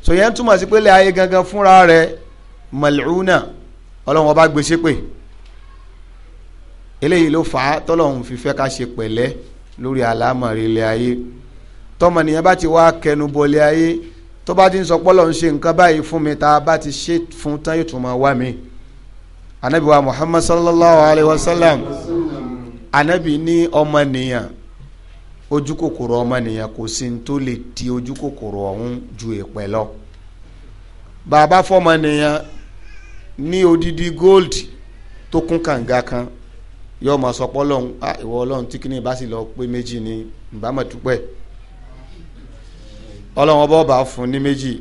sòyẹn túmọ̀ sí pé lè ayé gangan fúnra rẹ̀ mal'una ọlọ́run ọba gbé ṣépè eléyìí ló fà á tọ́lọ́run fi fẹ́ ká ṣe pẹ̀lẹ́ lórí àlámọ̀rí ilé ayé tọmọnìyàn bá ti wá kẹnu bọlé ayé tó bá ti ń sọ pọ́lọ́ ń ṣe nǹkan báyìí fún mi tá a bá ti ṣe fún tán yóò tún máa wá mi anabi wa muhammad sallallahu alayhi wa sallam anabi ní ọmọnìyàn ojú kòkòrò ọmọnìyàn kò sí ní tó lè ti ojú kòkòrò ọ̀hún ju èpè lọ bàbá fọmọnìyàn ní odidi gold tó kún kànga kan yóò máa sọ pọ́lọ́hún ah, ìwọ ọlọ́run tí kìnìún bá sì lọ pé méjì ni ìbámadúpẹ́ ọlọ́run ọba ọba fún ní méjì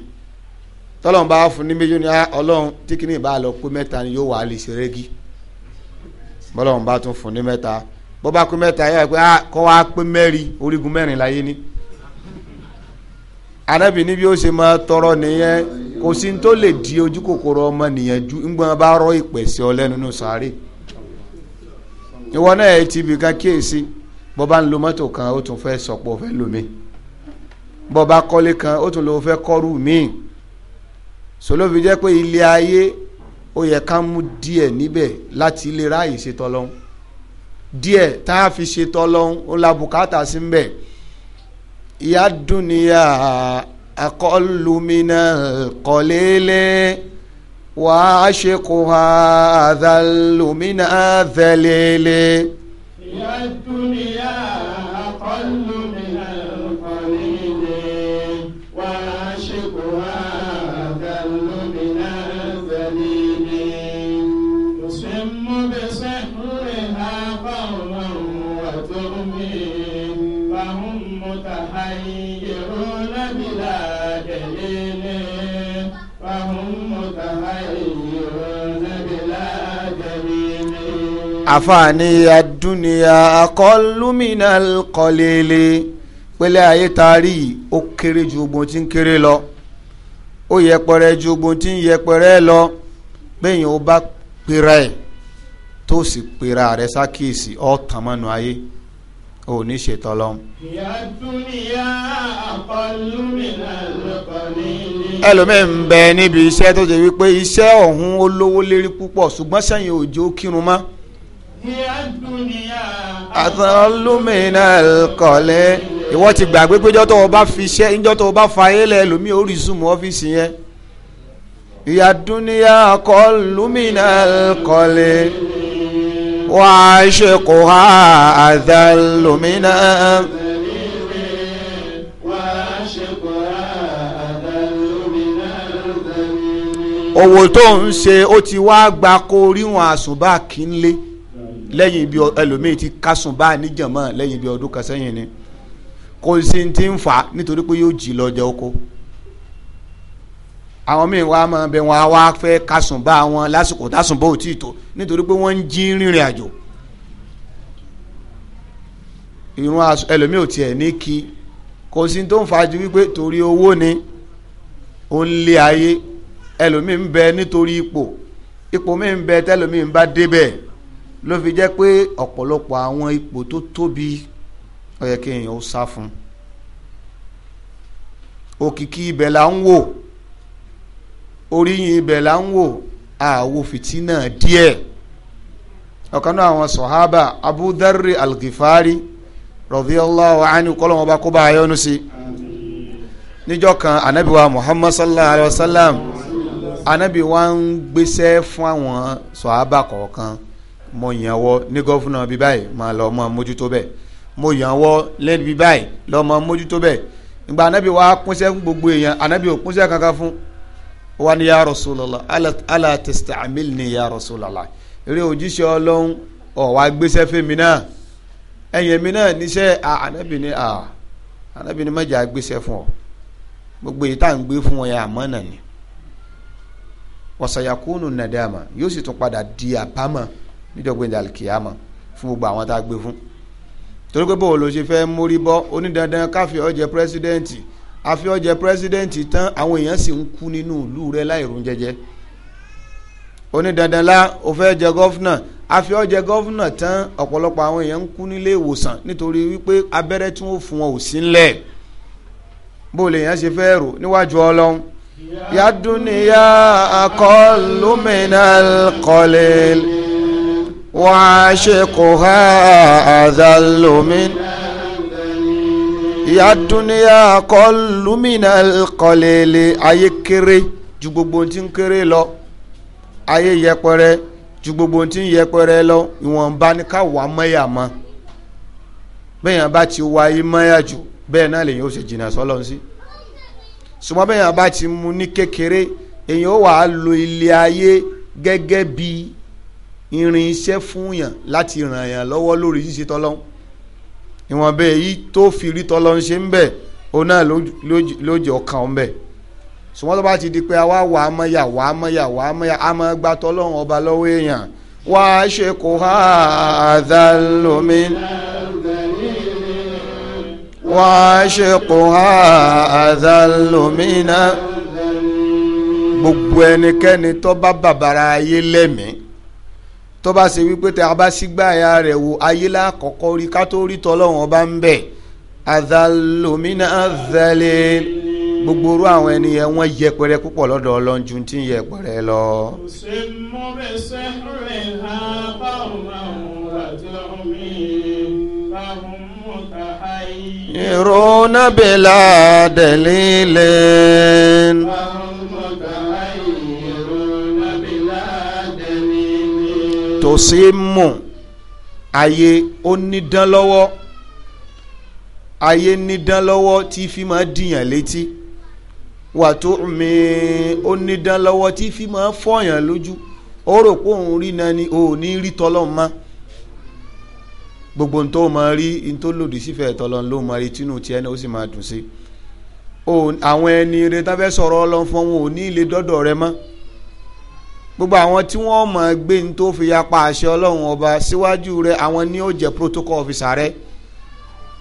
tọ́lọ́run bá fún ní méjì ni ah, ọlọ́run tí kìnìún bá lọ pé mẹ́ta ni yóò wà á lè ṣerégi bọ́lọ́run bá tún fún ní mẹ́ta bó bá pé mẹ́ta yóò pé ah, kọ́ wa pé mẹ́rin orígun mẹ́rin láyé ni anábì níbi ó ṣe máa tọrọ nìyẹn. kò sí ní tó lè di ojú kòkòrò ọmọnìyàn ju ńgbọ́n bá rọ́ ìpèsè ọlẹ́nu nù sáré ìwọ náà ẹ ti bìkan kíyèsí bá ń lo kan ó tún bá kan ó tún lọ fẹ́ kọ́rù míì fi jẹ́ pé ilé ayé ó yẹ ká mú láti ráàyè ṣe tá a fi ṣe tọ́lọ́hún ó la bùkátà sí ń أقل من القليل وعشقها أذل من الذليل في الدنيا أقل àfààní adúniya akọlùmínà kọlẹ́lẹ́ pẹ̀lẹ́ ayé taari ó kéré ju ogun tí ń kéré lọ ó yẹpẹrẹ ju ogun tí ń yẹpẹrẹ lọ bẹ́yìn ó bá pera ẹ̀ tó sì pera rẹ̀ sákìsì ọ̀ mọ́nu ayé ò ní ṣètò ọlọ́run. ẹlòmíín ń bẹ níbi iṣẹ́ tó ṣe wípé iṣẹ́ ọ̀hún ó lérí púpọ̀ ṣùgbọ́n sẹ́yìn òjò kírun mọ́ àtàlùmínà kọ̀lẹ́ ìwọ ti gbàgbé pé jọ́tọ̀ ọba fi iṣẹ́ ìjọ́tọ̀ ọba fa ayé lẹ̀ lómi orísun mọ́ ọ́fíìsì yẹn ìyá dúníyà kọlùmínà kọ̀lẹ́ wà á ṣe kó ha àtàlùmínà. owó tó ń ṣe ó ti wá gba koríwọn àsùnbà kínlé lẹ́yìn bí ẹlòmíì ti kásùn bá níjàmọ́ lẹ́yìn bí ọdún kan sẹ́yìn ni kò sí ti ń fà á nítorí pé yóò jì lọ jẹ oko àwọn míì wá máa bẹ wọn wá fẹ́ kásùn bá wọn lásìkò tásùn bó tí tó nítorí pé wọ́n ń jí rìnrìn àjò irun ẹlòmíì ò tiẹ̀ ní kí kò sí tó ń fàájú wípé torí owó ni ó ń lé ayé ẹlòmíì ń bẹ nítorí ipò ipò míì ń bẹ tẹlòmíì ń bá débẹ̀ ló fi jẹ́ pé ọ̀pọ̀lọpọ̀ àwọn ipò tó tóbi ọ yẹ kí èèyàn ó sá fún òkìkí ibẹ̀ là ń wò oríyìn ibẹ̀ là ń wò àwo fìtínà díẹ̀ àwọn sọ̀hábà Abu Dharri al-Ghifari anhu kó bá a sí níjọ́ kan anabiwa Muhammad sallallahu alayhi wa sallam ń mo yàn wọ ní gọ́fúnà bíi báyìí máa lọ ọmọ mójútó bẹ́ẹ̀ mo yàn wọ lẹ́nu bíi báyìí lọ́mọ mójútó bẹ́ẹ̀ wa kúnṣẹ́ gbogbo èèyàn anabi ò kúnṣẹ́ kankan fún wa ni ya ala tasta'milni ya eré ọlọ́run gbéṣẹ́ náà ẹ̀yìn mi náà níṣẹ́ ni anábì ni mọ̀jà gbéṣẹ́ fún ọ gbogbo èyí tá à ń gbé fún ọ yẹn àmọ́ náà ni yóò sì tún padà di níjọba ìdàlẹ kìámọ fún gbogbo àwọn tá a gbé fún torí pé báwo ló ṣe fẹ́ mórí bọ́ onídandan káfí ọ̀jẹ̀ pírẹ́sidẹ́ǹtì àfi ọ̀jẹ̀ pírẹ́sidẹ́ǹtì tán àwọn èèyàn sì ń kú nínú ìlú rẹ láì rún jẹjẹ onídandan lá o fẹ́ jẹ gọ́fúnà àfi ọ̀jẹ̀ gọ́fúnà tán ọ̀pọ̀lọpọ̀ àwọn èèyàn ń kú nílé ìwòsàn nítorí wípé abẹ́rẹ́ tí wọ́n fún wọn ò sí ńlẹ̀ bó lè yẹn ṣe fẹ́ rò níwájú ọlọ́run yadúnìyà akọ́lùmínà kọ́lẹ́lẹ́. وعاشقها أذل من ìyá dúníyà kọ́ lùmínà kọ́lẹ́lẹ́ ayé kéré ju gbogbo tí lọ ayé yẹpẹrẹ ju gbogbo lọ ìwọ̀nba ni ká wà mọ́yà mọ́ bẹ́ẹ̀yàn bá ti wá ayé mọ́yà jù bẹ́ẹ̀ náà lèyìn ó mu lo irin iṣẹ́ fún yàn láti ràn yàn lọ́wọ́ lórí ṣíṣe tọ́lọ́hún ìwọ̀n bẹ́ẹ̀ yìí tó fi rí tọ́lọ́hún ṣe ń bẹ̀ òun náà ló jẹ́ ọkàn ń bẹ̀ ṣùgbọ́n tó bá ti di pé àwa wà á mọ̀yà wà á mọ̀yà wà á mọ̀yà á mọ̀ gba tọ́lọ́hún ọba lọ́wọ́ èèyàn wà á ṣe kó ha àdàlómi wà á ṣe kó ha àdàlómi náà gbogbo ẹnikẹ́ni tó bá bàbára ayé lẹ́mìí tó bá ṣe wípé tẹ a bá sígbàyà wo ayé lákọ̀ọ́kọ́ rí ká rí tọ́lọ́run ọba ń bẹ̀ azalomina azale gbogbo orú àwọn ènìyàn wọn yẹpẹrẹ púpọ̀ lọ́dọ̀ ọlọ́njú tí ń yẹpẹrẹ lọ. ìrònà bẹ́ẹ̀ la dẹ̀lí tòsímù ayé ó nídán lọ́wọ́ ayé nídán lọ́wọ́ tí fi máa dìyàn létí wàtó mi ó nídán lọ́wọ́ tí fi máa fọyàn lójú ó rò pé òun rí náà ni òun ní rí tọ́lọ́n mọ́ gbogbo ntọ́ máa rí ntọ́ lòdì sífẹ̀ẹ́ tọ́lọ́n ló máa rí tínú tiẹ̀ náà ó sì máa dùn sí i àwọn ẹni rẹ tá fẹ́ sọ̀rọ̀ ọlọ́run fún wọn ò ní ilé dọ́dọ̀ rẹ mọ́ gbogbo àwọn tí wọ́n mọ̀ gbé ní tó fi yapa àṣẹ ọlọ́run ọba síwájú rẹ̀ àwọn ni ó jẹ́ protocol officer rẹ̀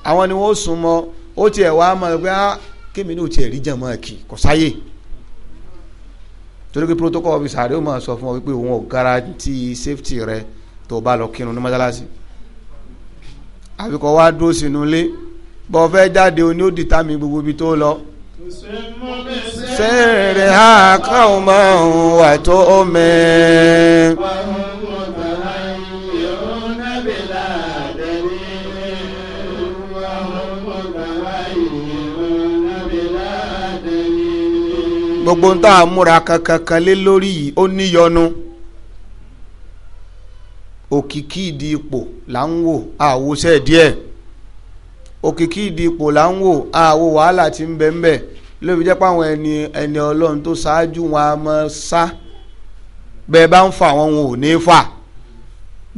àwọn ni wọ́n sùn mọ́ ó tiẹ̀ wá mọ̀ pé á ah, kémi náà tiẹ̀ rí jàmọ́ kì kò sáyè torí pé protocol officer rẹ̀ ó máa sọ fún ọ wípé òun ò garanti safety rẹ̀ tó bá lọ kírun ní mọ́sálásí àbíkọ́ wá dúró sínú ilé bọ́ fẹ́ jáde o ní ó dìtàmì gbogbo ibi tó lọ سيرها قوما وتؤمن وهم متهيئون بلا gbogbo ń tá a múra kankan lé lórí yìí ó níyọnu òkìkí ìdí ipò là ń wò àwòṣe díẹ̀. òkìkí ìdìpò là ń wò àwo wàhálà ti ń bẹ ń bẹ lóbi jẹ́ pé àwọn ẹni ẹni ọlọ́run tó ṣáájú wọn a mọ sá bẹ́ẹ̀ bá ń fà wọn wọn ò ní fà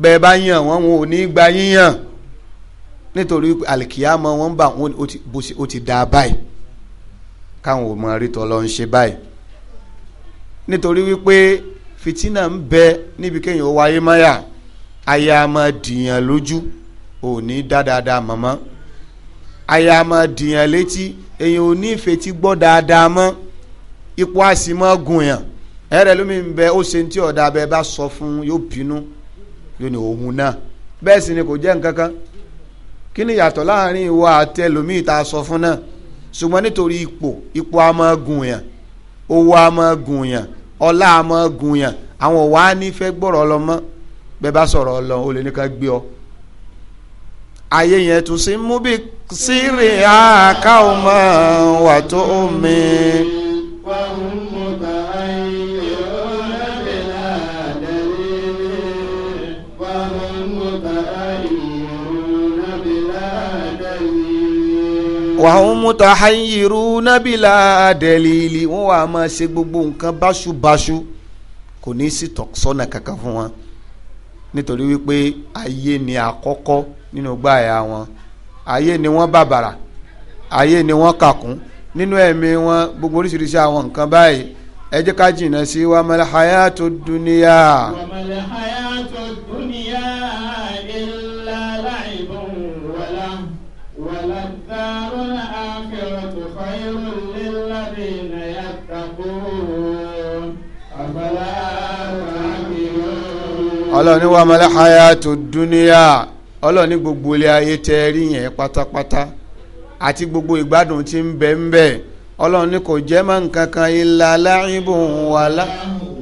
bẹ́ẹ̀ bá yàn wọn wọn ò ní gba yíyàn nítorí àlìkìyàmọ wọn bá wọn ó ti dá báyìí káwọn ò mọ rítọ lọ ń ṣe báyìí nítorí wípé fìtínà ń bẹ níbi kéèyàn ó wáyé máyà ayé a máa dìyàn lójú ò ní dá dáadáa mọ́mọ́ àyà máa dìyàn létí èyàn ò ní ìfẹ́ tí gbọ́ dáadáa mọ́ ipò àsì máa gùn yàn ẹ̀rẹ̀ lómi ń bẹ ó ṣe tí ọ̀dà abẹ bá sọ fún yóò bínú yóò ní òun náà bẹ́ẹ̀ sì ni kò jẹ́ nǹkan kan kí ni yàtọ̀ láàrin ìwọ àti ẹlòmíì tá sọ fún náà ṣùgbọ́n nítorí ipò ipò a gùn yàn owó a gùn yàn ọlá a gùn yàn àwọn wàá nífẹ̀ẹ́ gbọ́rọ̀ ọlọ́mọ bẹ́ẹ̀ bá sọ̀rọ̀ ọlọ́ ayé yẹn tún sí mú bí sírì àká ò mọ̀ wà tó omi. wàhùn mutahayiru nabila delili wọn wà máa ṣe gbogbo nǹkan báṣubàṣu kò ní sí tọ̀sọ́nà kankan fún wọn nítorí wípé ayé ni àkọ́kọ́ nínú gbáàyà wọn ayé ni wọ́n bàbàrà ayé ni wọ́n kàkún nínú ẹ̀mí wọn gbogbo oríṣiríṣi àwọn nǹkan báyìí ẹ jẹ́ ká jìnnà sí wa mal hayatu dunya. wa mal hayatu dunya illa la'ibun wala wala darul akhiratu khayrun lil ladina yattaqun afala ta'qilun. ọlọ́run ní wa mal hayatu dunya. ọlọ́run ní gbogbo ilé ayé tẹ́ rí yẹn àti gbogbo ìgbádùn ti ń bẹ ń bẹ ọlọ́run ní kò jẹ́ mọ́ nǹkan kan ilà aláìbùn wàhálà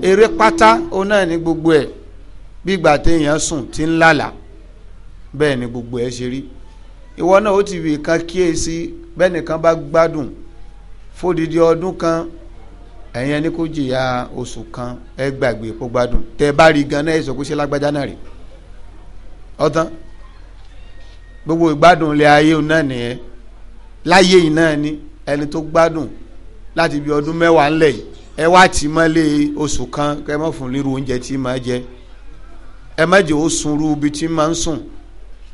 eré pátá òun náà ní gbogbo ẹ̀ ti ń bẹ́ẹ̀ ni gbogbo ẹ̀ ṣe rí ìwọ náà ó ti wì kan kíyèsí bẹ́ẹ̀ nìkan bá kan jìyà oṣù kan ẹ gbàgbé kó gbádùn tẹ bá rí ẹ sọ pé ṣe lágbájá náà rí gbogbo ìgbádùn ilé ayé náà nìyẹn láyé yìí náà ni ẹni tó gbádùn láti bí ọdún mẹ́wàá ńlẹ̀ yìí ẹ wá tì mọ́lé oṣù kan kẹ́ mọ́ fún líru oúnjẹ tí máa jẹ ẹ má jẹ́ ó sunrú ibi tí máa ń sùn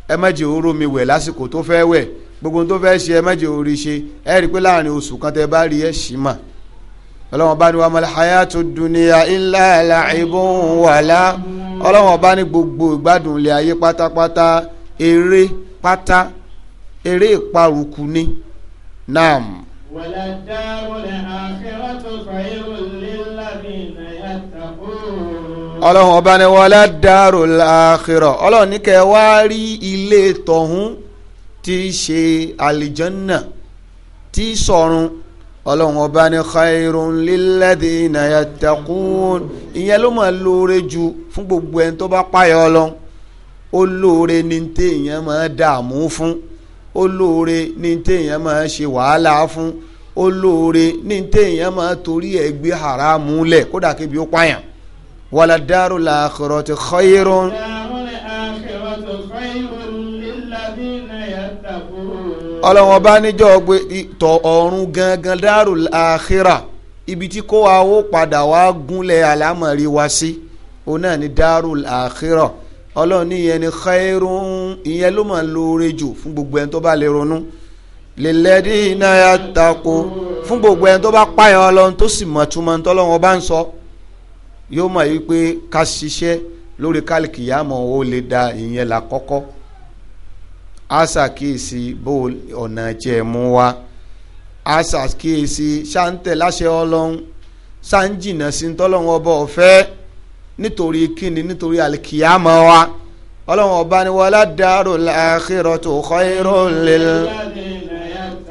ẹ má jẹ́ ó rómi wẹ̀ lásìkò tó fẹ́ wẹ̀ gbogbo tó fẹ́ ṣe ẹ má jẹ́ ó rí ṣe ẹ rí pé láàrin oṣù kan tẹ bá rí ẹ ṣì mà ọlọ́wọ́n bá ní wa mal hayatu dunya illa la'ibun wala ọlọ́wọ́n bá ní gbogbo ìgbádùn ilé ayé pátápátá eré pátá eré ìparùkù ni naam. wàlá dárúlẹ̀ àkẹ́rọ̀tò fàyẹ̀wò lílàbìnà yàtàkù. ọlọ́run ọba ni wàlá dárúlẹ̀ àkẹ́rọ̀ ọlọ́run ní kẹ́ wá rí ilé tọ̀hún tí ṣe àlìjọ́nà tí sọ̀run ọlọ́run ọba ní khairun lílàbìnà yàtàkù ìyẹn ló máa lóore jù fún gbogbo ẹni tó bá páyọ̀ ọlọ́run olóore ni téèyàn máa dààmú fún olóore ni téèyàn máa ṣe wàhálà fún olóore ni téèyàn máa torí ẹ gbé haramu lẹ kódà kébi ó pààyàn wàlá dárò làkọrọ ti khayrun. ọlọ́wọ́n bá níjọ́ gbé tọ̀ ọ̀run gangan dárò àkhírà ibi tí kó wa ó padà wá gúnlẹ̀ àlámọ̀rí wa sí òun náà ni dárò àkhírà ọlọ́run ní ìyẹn ni khairun ìyẹn ló máa lóore jù fún gbogbo ẹni tó bá lè ronú lilladina yattaqu fún gbogbo ẹni tó bá páyàn ọlọ́run tó sì mọ̀ túmọ̀ ní tọ́lọ́run bá ń sọ yóò mọ̀ yìí pé ká ṣiṣẹ́ lórí kálíkì yàmọ̀ ó lè da ìyẹn là kọ́kọ́ á ṣàkíyèsí bó ọ̀nà jẹ́ mú wa á ṣàkíyèsí ṣáńtẹ̀ láṣẹ ọlọ́run ṣáńjìnà sí tọ́lọ́run ọba ọ̀fẹ́ nítorí kíni nítorí alikiyama wa ọlọ́run ọba ni wala darul akhiratu khairul lil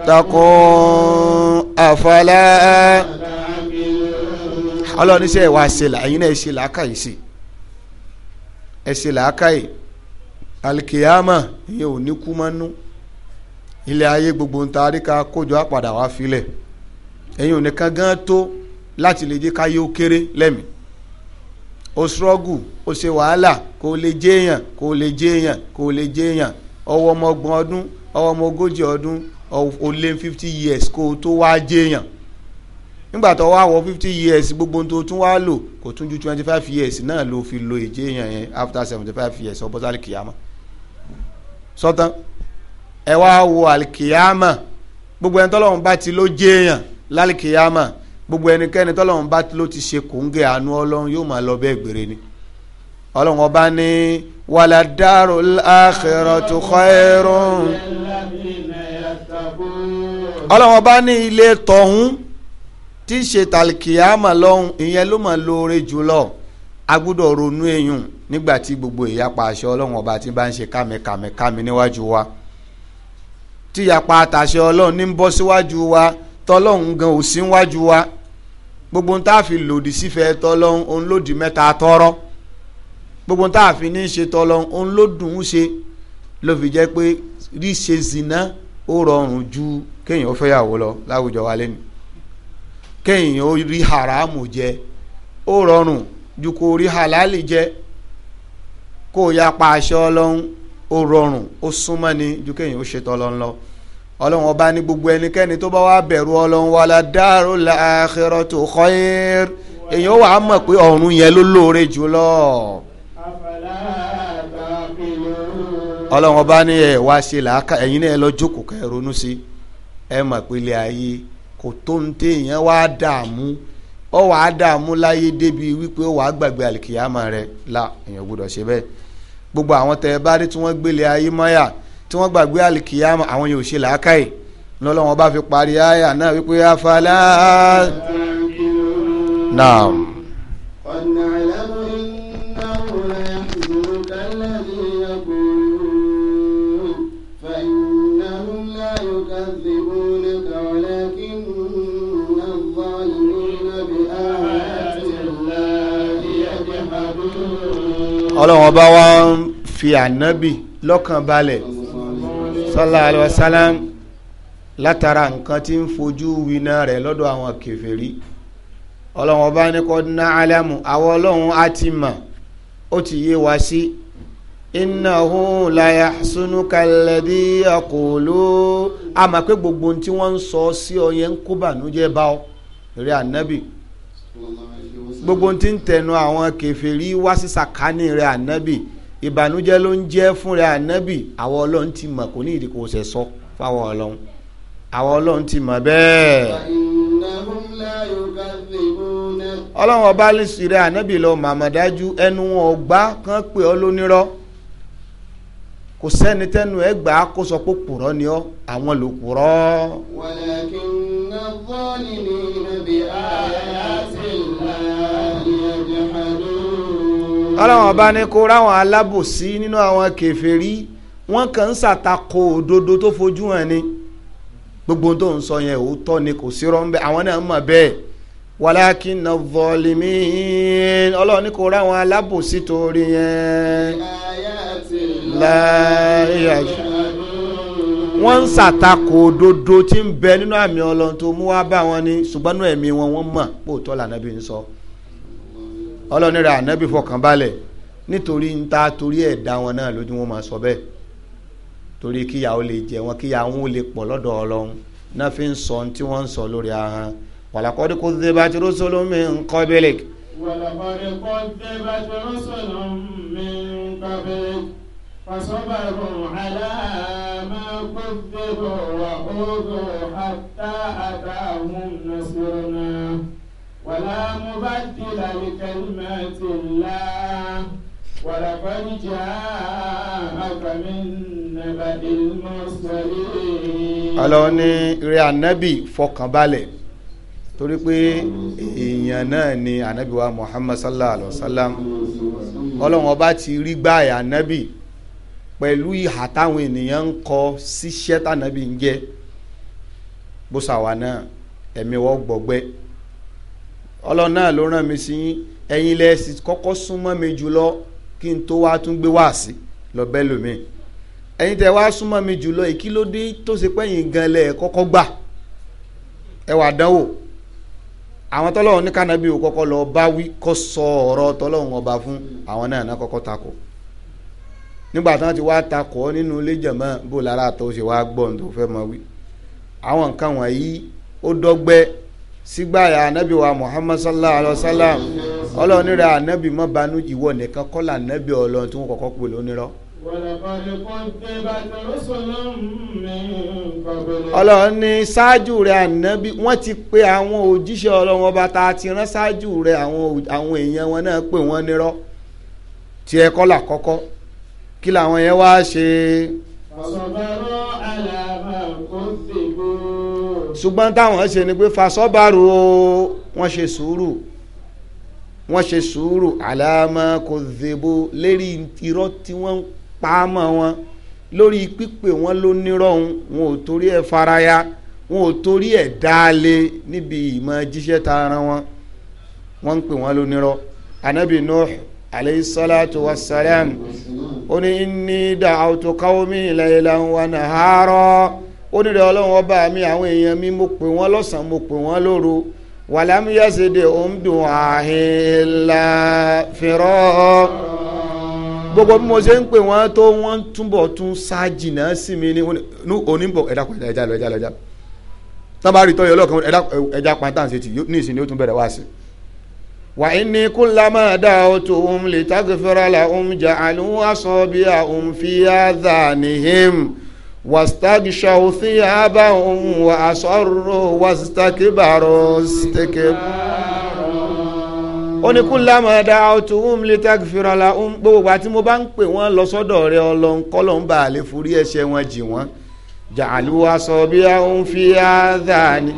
takun afala ọlọ́run iṣẹ́ ìwà ṣẹlẹ̀ ẹ̀yin náà ṣe làákàyè sí ẹ ṣe làákàyè alikiyama ìyẹn ò ní kú mọ́nú ilé ayé gbogbo ń taari ká kójọ àpàdà wá filẹ̀ ẹ̀yin ò ní kán gán tó láti lè jẹ́ káyé ó kéré lẹ́mìí ó ṣrọ́gù ó ṣe wàhálà kó lè jẹ́yàn kó lè jẹ́yàn kó lè jẹ́yàn ọwọ́ ọmọ ọdún ọwọ́ ọmọ ogójì ọdún ó lé fifty years kó o tó wá jẹ́yàn nígbà tó wá wọ fifty years gbogbo tó tún wá lò kò tún ju twenty five years náà ló fi lo ìjẹ́yàn yẹn after seventy five years ọbọ̀ sálì kìyàmọ́ sọ́tàn ẹ wá wo àlìkìyàmọ́ gbogbo ẹni tọ́lọ́run bá ti ló jẹ́yàn lálìkìyàmọ́ gbogbo ẹnikẹ́ni tọ́lọ́run bá ló ti ṣe kòńgẹ́ àánú ọlọ́run yóò máa lọ bẹ́ẹ̀ gbére ni ọlọ́run ọba ní wàlá dárò al-akhiratu khairun ọlọ́run ọba ní ilé tọ̀hún tí í ṣe tàlìkìyàmà lọ́hún ìyẹn ló máa lóore jùlọ a gbọ́dọ̀ ronú èèyàn nígbà tí gbogbo ìyapa àṣẹ ọlọ́run ọba ti bá ń ṣe kàmìkàmìkàmì níwájú wa tí ìyapa àtàṣẹ ọlọ́run ní ń bọ́ síwájú wa tọ́lọ́run gan ò sí wa gbogbo ń tá a fi lòdì sífẹ̀ẹ́ tọ́lọ́hún òun lòdì mẹ́ta tọ́rọ́ gbogbo ń tá a fi ní ṣe tọ́lọ́hún òun ló dùn ún ṣe ló fi jẹ́ pé rí ṣe zina ó rọrùn ju kéèyàn fẹ́yàwó lọ láwùjọ wa lẹ́nu kéèyàn ó rí haramu jẹ ó rọrùn ju kó rí halali jẹ kó o yapa aṣọ ọlọ́hún ó rọrùn ó súnmọ́ ni ju kéèyàn ó ṣe tọ́lọ́hún lọ. Lo ọlọ́run ọba ní gbogbo ẹnikẹ́ni tó bá wá bẹ̀rù ọlọ́run wa la dáàrú la àkẹrọ tó kọ́yẹ́r èyàn wà á mọ̀ pé ọ̀run yẹn ló lóore jù lọ. ọlọ́run ọba ní ẹ̀ wá ṣe làákà ẹ̀yin náà ẹ lọ jókòó ká ẹ ronú sí ẹ mọ̀ pé ilé ayé kò tó ń tẹ èèyàn wá dààmú ọ wàá dààmú láyé débi wípé ó wàá gbàgbé àlìkìyàmọ̀ rẹ̀ la èèyàn gbọ́dọ̀ ṣe bẹ́ẹ̀ gbogbo àwọn tẹ ẹ bá rí tí wọ́n gbélé ayé mọ́yà tí wọ́n gbàgbé alikiyama àwọn yóò ṣe làákàyè lọ́lọ́wọ́n bá fi parí àyà náà wípé afala. ọlọ́wọ́n bá wá ń fi ànábì lọ́kàn sallallahu alayhi wa sallam látara nǹkan tí ń fojú winá rẹ̀ lọ́dọ̀ àwọn kèfèrí ọlọ́run ọba ní kọ́ ná alámù àwọn ọlọ́run á ti mọ̀ ó ti yé wa sí innahu la yahsunuka alladhi yaqulu àmọ́ pé gbogbo ohun tí wọ́n ń sọ sí ọ yẹn ń kó bànújẹ́ bá ọ rí ànábì gbogbo tí ń tẹnu àwọn kèfèrí wá sí sàkání rẹ̀ ànábì ìbànújẹ́ ló ń jẹ́ fúnra ànábì àwọn ọlọ́run ti mọ̀ kò ní ìdí kò ṣe sọ fáwọn ọlọ́run àwọn ọlọ́run ti mọ̀ bẹ́ẹ̀. ọlọ́run ọba ní sire ànábì lọ màmá ẹnu wọn ò gbà pè ọ́ lónírọ́ kò sẹ́ni tẹ́nu ẹ̀ kó sọ pé pùrọ́ ni ọ́ àwọn ló pùrọ́. wàlàkì ń ná bọ́ọ̀lì ní ààrẹ. ọlọ́wọ́n bá ní kó ráwọn alábòsí nínú àwọn kèfèrí wọ́n kàn ń ṣàtakò òdodo tó fojú hàn ni gbogbo tó ń sọ yẹn òótọ́ ni kò sí rọ́ńbẹ́ àwọn náà mọ̀ bẹ́ẹ̀ walakinna zalimin ọlọ́run ní kò ráwọn alábòsí torí yẹn láyà wọ́n ń ṣàtakò òdodo tí ń bẹ nínú àmì ọlọ́run tó mú wá bá wọn ni ṣùgbọ́n nínú ẹ̀mí wọn wọ́n mọ̀ pòótọ́ lànà bí ń sọ. So ọlọ́ni rẹ̀ ànábì fọkàn balẹ̀ nítorí ń ta torí ẹ̀ dá wọn náà lójú wọn máa sọ bẹ́ẹ̀ torí kíyà ó lè jẹ wọn kíyà wọn ó lè pọ̀ lọ́dọ̀ ọlọ́run náà fi ń sọ ohun tí wọ́n ń sọ lórí ahọ́n walaqad kuzzibat rusulun min qablik. walaqad kuzzibat rusulun min qablik fasabaru ala ma kuzzibu wa udhu hatta atahum nasruna. ولا مبدل لكلمات الله ولقد جاءك من نبأ المرسلين Ọlọ́run ní rẹ ànábì fọkànbalẹ̀ torí pé èèyàn náà ni ànábì wa Muhammad sallallahu alaihi wa sallam Ọlọ́run ọba ti rí gbáàyà ànábì pẹ̀lú ìhà táwọn ènìyàn ń kọ síṣẹ́ tànábì ń jẹ́ bó ṣàwa náà ẹ̀mí wọ́n gbọ́gbẹ́ ọlọ́run náà ló rán mi sí yín ẹ̀yin lẹ sì kọ́kọ́ súnmọ́ mi jùlọ kí n tó wá tún gbé wá sí lọ́bẹ̀ lómi ẹ̀yin tẹ wá súnmọ́ mi jùlọ ìkílódé tó ṣe pé ẹ̀yin gan lẹ kọ́kọ́ gbà ẹ wà dánwò àwọn tọ́lọ́run ní kánábì ò kọ́kọ́ lọ bá wí kọ́ sọ ọ̀rọ̀ tọ́lọ́run ọba fún àwọn náà náà kọ́kọ́ takò nígbà tí wọ́n ti wá takò ọ́ nínú ilé jẹ̀mọ́ bó lára àtọ́ ṣe wá gbọ́ tó fẹ́ mọ wí àwọn nǹkan wọ̀nyí ó dọ́gbẹ́ sígbàyà anabi wa muhammad sallallahu alaihi wa sallam ọlọ́run ní rẹ̀ anabi má banú ìwọ nìkan kọ́lá anabi ọlọ́run tí wọ́n kọ́kọ́ pè lónírọ́. ọlọ́run ní ṣáájú rẹ̀ anabi wọ́n ti pè àwọn òjíṣẹ́ ọlọ́run ọba tá a ti rán ṣáájú rẹ̀ àwọn èèyàn wọn náà pè wọ́n nírọ́ tiẹ̀ kọ́lá kọ́kọ́ kí làwọn yẹn wá ṣe. àṣọ bá rọ ṣùgbọ́n táwọn ṣe ni pé fasọ́bàrò wọ́n ṣe sùúrù wọ́n ṣe sùúrù àlàmà kò zèbo lérí irọ́ tí wọ́n ń pa á mọ́ wọn lórí pípè wọn ló nírọ̀ òun wọn ò torí ẹ̀ faraya wọn ò torí ẹ̀ dáálé níbi ìmọ̀ jíṣẹ́ ta ara wọn wọ́n ń pè wọ́n ló nírọ̀ anabi nuh alayhi salatu wa salam ó ní inni da'awtu qawmi laylan wa nahara ó ní rẹ̀ ọlọ́run ọba mi àwọn èèyàn mi mo pè wọ́n lọ́sàn-án mo pè wọ́n lóru wàlámúyàsídẹ̀ òǹdùn àhìnlá fìrọ́ gbogbo bí mo ṣe ń pè wọ́n tó wọ́n túbọ̀ tún ṣáàjìnà sí mi ní oníbọ̀ ẹ̀dá pàtó ẹ̀dá lọ ẹ̀dá lọ ẹ̀dá tábà rí tọ́yọ̀ lọ́kàn ẹ̀dá ẹ̀dá ní ìsìn ni ó tún bẹ̀rẹ̀ wá sí. wà á ní kúlámà dá o tó um lè tàgé fẹ́ràn la um jà àlùwàsàn bí a um fi á dà nìhìm. واستغشوا ثيابهم وأصروا واستكبروا استكبارا ó ní kúlámà da'awtuhum litaghfira lahum gbogbo ìgbà tí mo bá ń pè wọ́n lọ sọ́dọ̀ rẹ ọlọ́run kọ́lọ́n bá lè forí ẹ̀ṣẹ̀ wọn jì wọ́n ja'alu asabi'ahum fi adhani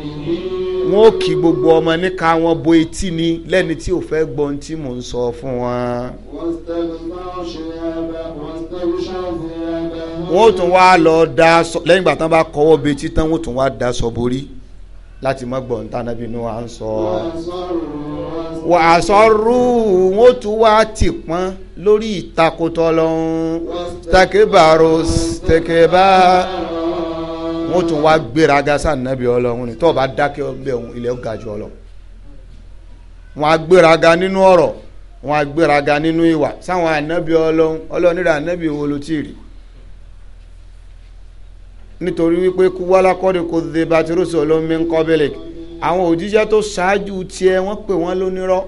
wọn ò kí gbogbo ọmọ níka wọn bo etí ni lẹ́ni tí ò fẹ́ gbọ́ ohun tí mò ń sọ fún wọn. wọ́n ṣe é bá wọ́n ṣe é ṣáà fún wọ́n tún wá lọ da sọ lẹ́yìn ìgbà tán bá kọ́wọ́ bi tán wọ́n tún wá da sọ borí láti mọ́ gbọ̀n tá nàbí inú wa ń sọ. wà á sọ̀rù wọ́n tún wá tì pọ́n lórí ìtakùtọ̀ lọ́hún takebaro takeba wọ́n tún wá gbéraga sáà nàbí ọlọ́hún ni tọ́ọ̀ bá dákẹ́ ọgbẹ́ ọ̀hún ilẹ̀ ọ̀gá jù ọlọ́hún wọn á gbéraga nínú ọ̀rọ̀ wọn á gbéraga nínú ìwà sáwọn ànábì ọlọ́run ọlọ́run nílẹ̀ ànábì wo ló ti rí nítorí wípé wálákọ́dé kò dé bàtírùsì olómi ń kọ́bílẹ̀ àwọn òjíṣẹ́ tó ṣáájú tiẹ̀ wọ́n pè wọ́n lónírọ́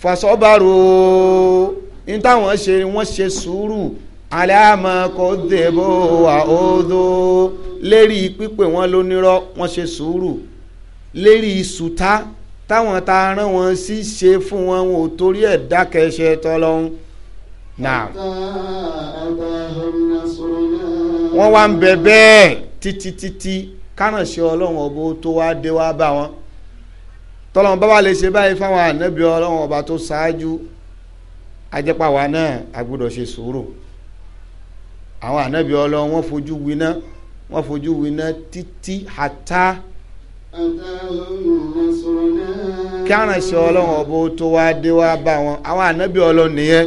fàṣọ́bàrò ní táwọn ṣe wọ́n ṣe sùúrù aláàmọ́ kò dé bó wà ó dó lérí pípè wọ́n lónírọ́ wọ́n ṣe sùúrù lérí sùtá táwọn tá rán wọn sí ṣe fún wọn wọn ò torí ẹ̀ dákẹ́ ṣe tọ́lọ́hún wọ́n wá ń bẹ bẹ́ẹ̀ títí títí kánàṣe ọlọ́run ọba tó wá dé wá bá wọn tọ́lọ́run bábà lè ṣe báyìí fáwọn ànábì ọlọ́run ọba tó ṣáájú ajẹ́pàwá náà a gbọ́dọ̀ ṣe sùúrù àwọn ànábì ọlọ́run wọ́n fojú winá wọ́n fojú winá títí hàtá kí àránṣẹ ọlọ́run ọba tó wá dé wá bá wọn àwọn ànábì ọlọ́run nìyẹn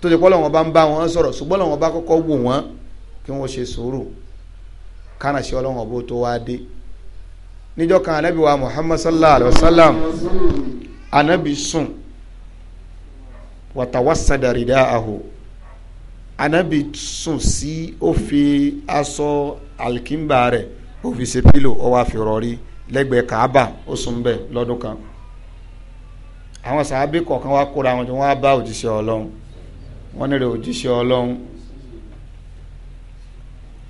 tó ti pọ́ lọ́wọ́n bá ń bá wọn sọ̀rọ̀ ṣùgbọ́n lọ́wọ́n bá kọ́kọ́ wò wọ́n kí wọ́n ṣe sùúrù kánà ṣe ọlọ́run ọ̀bọ tó wá dé níjọ́ kan anabi wa muhammad sallallahu alayhi wa sallam anabi sùn wàtàwásádà rìdá àhò anabi sùn sí ó fi aṣọ alkimba rẹ̀ ó se ṣe pílò ó wá kaaba ó sùn bẹ́ẹ̀ lọ́dún kan àwọn sàábì kọ̀ọ̀kan wá kóra wọn tí wọ́n á bá òjíṣẹ́ ọlọ́run wọ́n òjíṣẹ́ ọlọ́run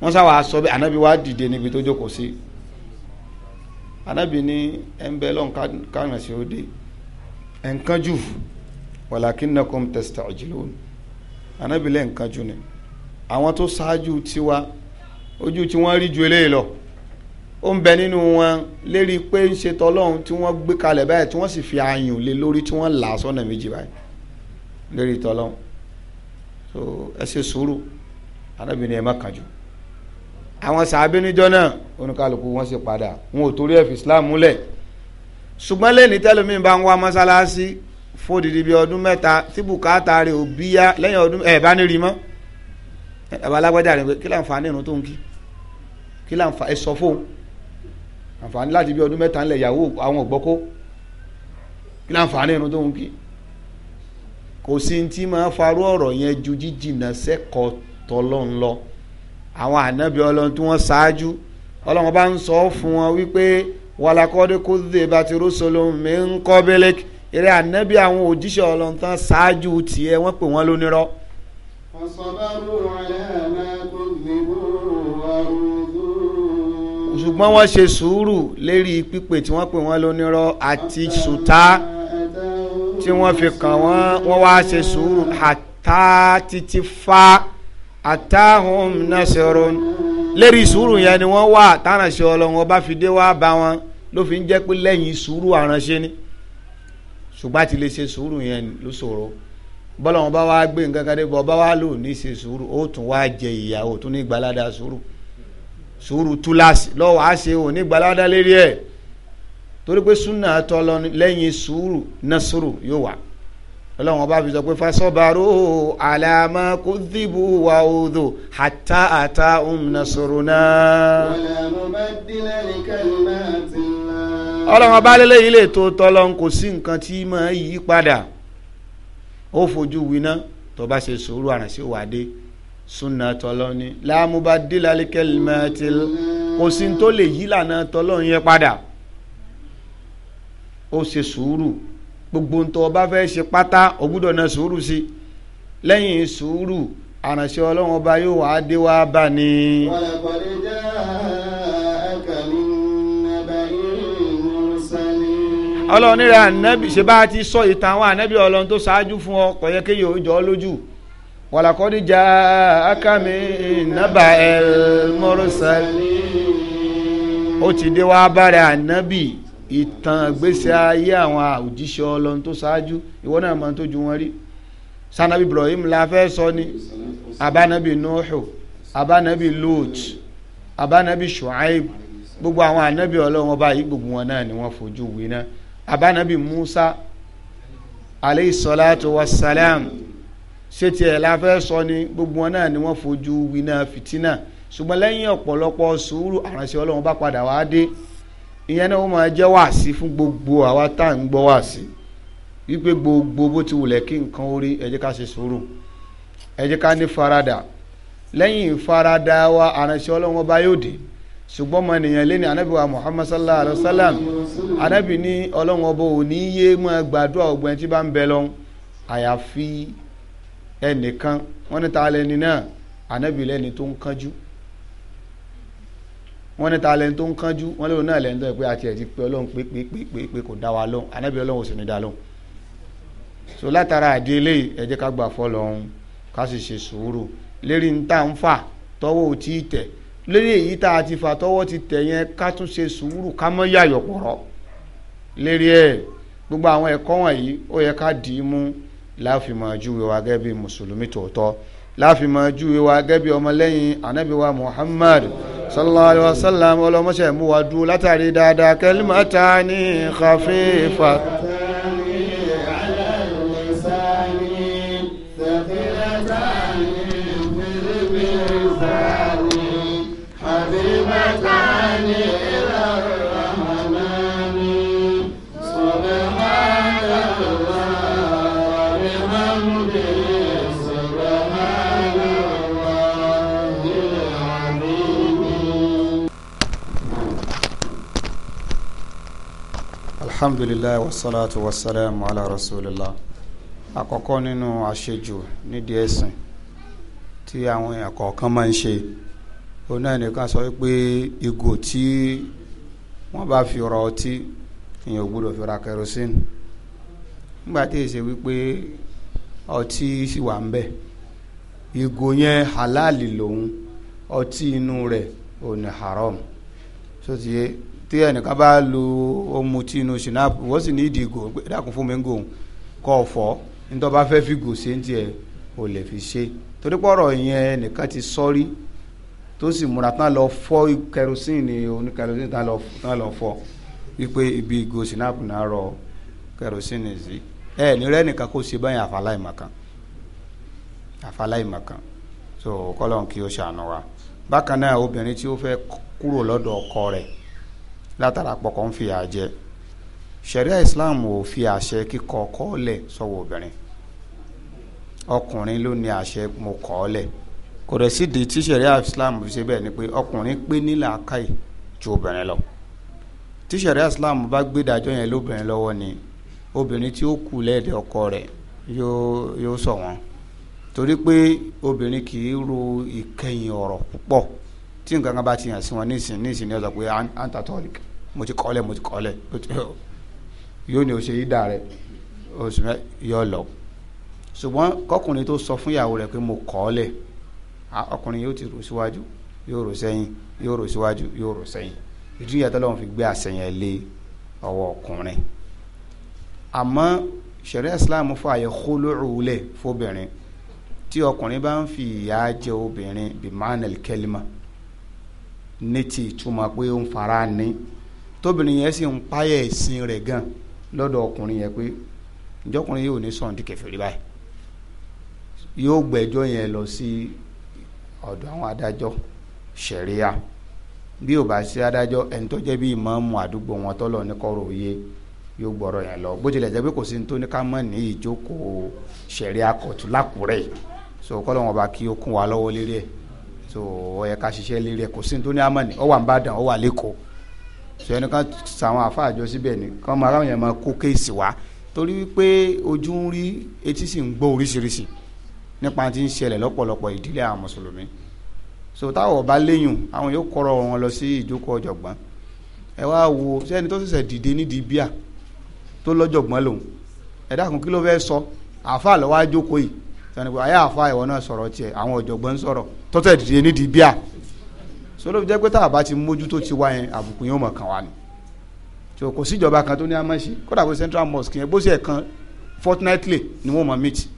wọ́n sá wàá sọ bẹ́ẹ̀ anabi wàá dìde níbi tó jókòó sí anabi ní ẹnbẹ́ lọ́n kárùn ẹ̀sìn ó dé ẹ̀ǹkanjú wàlàkínàkùn tasta'jilun anabi lẹ́ǹkanjú ni àwọn tó ṣáájú tiwa ojú tí wọ́n rí ju eléyìí lọ ó ń bẹ nínú wọn lérí pé ń ṣe tọlọ́run tí wọ́n gbé kalẹ̀ báyìí tí wọ́n sì fi ààyàn lé lórí tí wọ́n là á sọ́nà méjì báyìí lérí tọlọ́run so ẹ ṣe sùúrù arábìnrin ẹ má kánjú àwọn sàábíníjọ́ náà oníkàlùkù wọn sì padà wọn ò torí ẹ̀fì islam múlẹ̀ ṣùgbọ́n lẹ́ni tẹ́lómi bá ń wá mọ́sálásí fódìdí bíi ọdún mẹ́ta tí bùkátà rẹ̀ ò bíyá lẹ́yìn ọdún ẹ̀ bá ní rí mọ́ ẹ̀bá alágbádá rẹ̀ pé kí láǹfààní ìrun tó ń kí kí láǹfààní ẹ̀ sọ fóun àǹfààní láti bíi ọdún mẹ́ta ńlẹ̀ ìyàwó àwọn ògbọ́kó kí láǹfààní ìrun tó ń kí kò sí ti máa farú ọ̀rọ̀ yẹn ju jíjìnà sẹ́kọ̀ọ́ tọ́lọ́ àwọn ànábì ọlọ́run tí wọ́n ṣáájú ọlọ́run bá ń sọ fún wọn wípé wàlàkọ́dé kó dé bàtí rúṣọlọ́ mi ń kọ́ bẹ́lẹ̀ eré ànábì àwọn òjíṣẹ́ ọlọ́run tán ṣáájú tiẹ̀ wọ́n pè wọ́n lónírọ́. ṣùgbọ́n wọ́n ṣe sùúrù lérí pípè tí wọ́n pè wọ́n lónírọ́ àti sùtá tí wọ́n fi kàn wọ́n wọ́n wá ṣe sùúrù àtá títí fá atahum nasirun lérí sùúrù yẹn ni wọ́n wà tánàṣe ọlọ́run ọba fìdé wá bá wọn ló fi ń jẹ́ pé lẹ́yìn sùúrù àránṣẹ́ ni ṣùgbọ́n àti lè ṣe sùúrù yẹn ló ṣòro bọ́lá wọn bá wá gbé nǹkan kan dé bọ́ bá wá lò ní ṣe sùúrù ó tún wá jẹ ìyà tún ní gbalada sùúrù sùúrù túláàsì lọ́wọ́ á ṣe ò gbalada lérí ẹ̀ torí pé súnà tọ́lọ lẹ́yìn sùúrù nasuru yóò wà ọlọ́run ọba fi sọ pé fasọ́barò àlàmà kò dìbò wà òdò hatta ata òmìnasòrònà. Um ọlọ́run ọba lélẹ̀ yìí lè tó tọ́lọ́n kò sí nǹkan tí máa yí padà ó fojú winá tó bá ṣe sùúrù àrànṣe wàdé súnà tọ́lọ́n ni láàmúbá délẹ̀ kẹlìmẹ́tì kò sí tó lè yí lànà tọ́lọ́n yẹn padà ó ṣe sùúrù gbogbo ntọ́ ọba fẹ́ ṣe pátá ògbúdọ̀ náà sùúrù sí lẹ́yìn sùúrù àránṣẹ́ ọlọ́run ọba yóò wá dé wá bá ní. ọlọ́run nílẹ ànábì ṣe bá ti sọ ìtàn àwọn ànábì ọlọ́run tó ṣáájú fún ọ kò yẹ kéye òjò lójú wàlàkọ́dí já akámi nàbà ẹ̀ mọ́rọ́sálì ó ti dé wá bá rẹ̀ ànábì ìtàn gbèsè ayé àwọn òjíṣẹ́ ọlọ́run tó ṣáájú ìwọ náà mọ̀ tó ju wọn rí sanabi ibrahim la fẹ́ sọ ni abanabi nuhu abanabi lut abanabi shuaib gbogbo àwọn anabi ọlọ́run ọba yìí gbogbo wọn náà ni wọ́n fojú winá abanabi musa aleyhi salatu wa salam ṣètì ẹ̀ la fẹ́ sọ ni gbogbo wọn náà ni wọ́n fojú winá fitina ṣùgbọ́n lẹ́yìn ọ̀pọ̀lọpọ̀ sùúrù àránṣẹ́ ọlọ́run bá padà wá dé ìyẹn náà ó máa jẹ́ wàásí fún gbogbo àwa tá à ń gbọ́ wàásí wípé gbogbo bó ti wùlẹ̀ kí nǹkan orí ẹ ká ṣe sùúrù ẹ ká ní faradà lẹ́yìn ìfaradà wa àránṣẹ́ ọlọ́run ọba yóò dé ṣùgbọ́n ọmọ ènìyàn lé ní anábì wa muhammad sallallahu alayhi wa sallam anábì ní ọlọ́run ọba ò ní yé mọ́ gbàdúrà ọgbẹ́ni tí bá ń bẹ lọ́n àyàfi ẹnìkan wọ́n ní ta lẹ́ni náà anábì lẹ́ni tó ń kánjú wọ́n ní ta lẹ́ni tó ń kánjú wọ́n lérò náà lẹ́ni tó yẹ pé àti ẹ̀ ti pé ọlọ́run pé pé pé pé pé kò dá wa lóhùn anábì ọlọ́run ò sì ní dá lóhùn so látara àdé eléyìí ẹ jẹ́ ká gbà fọlọ́run ká sì ṣe sùúrù lérí ní tá à ń fà tọ́wọ́ ò tí ì tẹ̀ lérí èyí tá a ti fà tọ́wọ́ ti tẹ̀ yẹn ká tún ṣe sùúrù ká mọ́ yàyọ̀ pọ̀rọ̀ lérí ẹ̀ gbogbo àwọn ẹ̀kọ́ wọ̀nyí ó yẹ ká dì í mú láàfin mọ̀ ju ìwà gẹ́gẹ́ bí mùsùlùmí tòótọ́ láàfin máa júwe wa gẹ́bí ọmọlẹ́yìn ànábì wa Muhammad sallallahu alayhi wa sallam ọlọmọṣẹ́ mú wa dúró látàrí dáadáa kẹlímọ́ta ní kàfífà. alhamdulilayi wasalaatu wasalaamu ala rasulillah àkọ́kọ́ nínú àṣejù nídìí ẹ̀sìn tí àwọn èèyàn kọ̀ọ̀kan máa ń ṣe oní ẹnìkan sọ pé ìgò tí wọ́n bá fi rọ ọtí èèyàn ò gbọ́dọ̀ fi ra kerosene nígbà tí èsè wípé ọtí sì wà ń bẹ̀ ìgò yẹn halali lòun ọtí inú rẹ̀ ò ní haram sótìyé. So, tí ẹnìkan bá lu inú wọ́n sì ní dákun fún mi ń gòun kọ́ ọ̀fọ́ nítorí bá fẹ́ fi gò ò lè fi ṣe torí yẹn nìkan ti sọ́rí tó sì múra tán lọ fọ́ kẹrosíìnì oní tán lọ fọ́ wípé ibi ìgò ṣìnàpù náà rọ kẹrosíìnì sí ẹ ní rẹ nìkan kó báyìí so kọ́lọ́n kí ṣàánú wa bákan náà obìnrin tí ó fẹ́ látara pọkàn ń fìyà jẹ ṣẹ̀ríà islam ò fi àṣẹ kíkọ ọkọ lẹ̀ sọ́wọ́ obìnrin ọkùnrin ló ní àṣẹ mo kọ́ ọ lẹ̀ kò rẹ̀ sídìí tí ṣẹ̀ríà islam fi ṣe bẹ́ẹ̀ ni pé ọkùnrin pé nílà káì ju obìnrin lọ tí ṣẹ̀ríà islam bá gbé ìdájọ́ yẹn lóbìnrin lọ́wọ́ ni obìnrin tí ó kù lẹ́ẹ̀dẹ̀ ọkọ rẹ̀ yóò yóò sọ wọn torí pé obìnrin kì í ro ìkẹyìn ọ̀rọ̀ púpọ̀ tí nǹkan kan bá ti hàn sí wọn nísìnyí nísìnyí ọ̀sán pé à ń mo ti kọ́lẹ̀ mo ti kọ́lẹ̀ yóò ní o ṣe ìdá rẹ oṣù mẹ yọ lọ ṣùgbọ́n kọkùnrin tó sọ fún ìyàwó rẹ pé mo kọ́lẹ̀ ọkùnrin yóò ti rò síwájú yóò rò sẹ́yìn yóò rò síwájú yóò rò sẹ́yìn ìdí ìyàtọ̀ lọ́wọ́ fi gbé àṣẹyàn lé ọwọ́ ọkùnrin àmọ́ ṣẹ̀ríà Islam fààyè kólóòrùlẹ̀ fóbìnrin tí ọkùnrin bá ń fi ìyà jẹ obìnrin bíi manel kelima ní ti ìtumọ̀ pé ó ń fara ní tóbìnrin yẹn sì ń páyà ẹ̀sìn rẹ̀ gan lọ́dọ̀ ọkùnrin yẹn pé ìjọkùnrin yóò ní sọ̀ǹdì kèfèrí báyìí yóò gbẹ́jọ́ yẹn lọ sí ọ̀dọ̀ àwọn adájọ́ ṣẹ̀ríà bí ò bá sí adájọ́ ẹni tó jẹ́ bí ìmáàmù àdúgbò wọn tọ́lọ̀ ní kọ́rọ̀ òye yóò gbọ́rọ̀ yẹn lọ bó tilẹ̀ jẹ́ pé kò sí ní ká mọ̀ ní ìjókòó ṣẹ̀ríà kọ̀tù lákùrẹ́ so kọ́lọ́ wọn bá kí ó kún wa lọ́wọ́ lérí ẹ̀ so ó yẹ ká ṣiṣẹ́ lérí ẹ̀ kò sí ní àmọ́ ní ó wà ń bàdàn ó wà lẹ́kọ̀ọ́ sọ ẹni kan sàwọn àfa àjọ síbẹ̀ ni kọ́ máa ráwọn yẹn máa kó kéèsì wá torí wípé ojú ń rí etí sì ń gbọ́ oríṣiríṣi nípa ti ń ṣẹlẹ̀ lọ́pọ̀lọpọ̀ ìdílé àwọn mùsùlùmí so táwọn ọba léyùn àwọn yóò kọ́rọ̀ wọn lọ sí ìjókòó ọ̀jọ̀gbọ́n ẹ wá wo sẹ́ni tó ṣẹ̀ṣẹ̀ dìde nídìí bíà tó lọ́jọ̀gbọ́n lòun ẹ dákun kí ló fẹ́ sọ àáfà lọ́wọ́ á jókòó yìí sani pé ayé àáfà ìwọ náà sọ̀rọ̀ tiẹ̀ àwọn ọ̀jọ̀gbọ́n sọ̀rọ̀ tó ṣẹ̀ dìde nídìí bíà so ló fi jẹ́ pé tá a bá ti mójútó ti wá yẹn àbùkù yẹn ó mọ̀ kàn wá ni so kò síjọba kan tó ní amáṣí kódà kó central mosque yẹn bó ṣe fortnightly ni wọ́n mọ̀ meet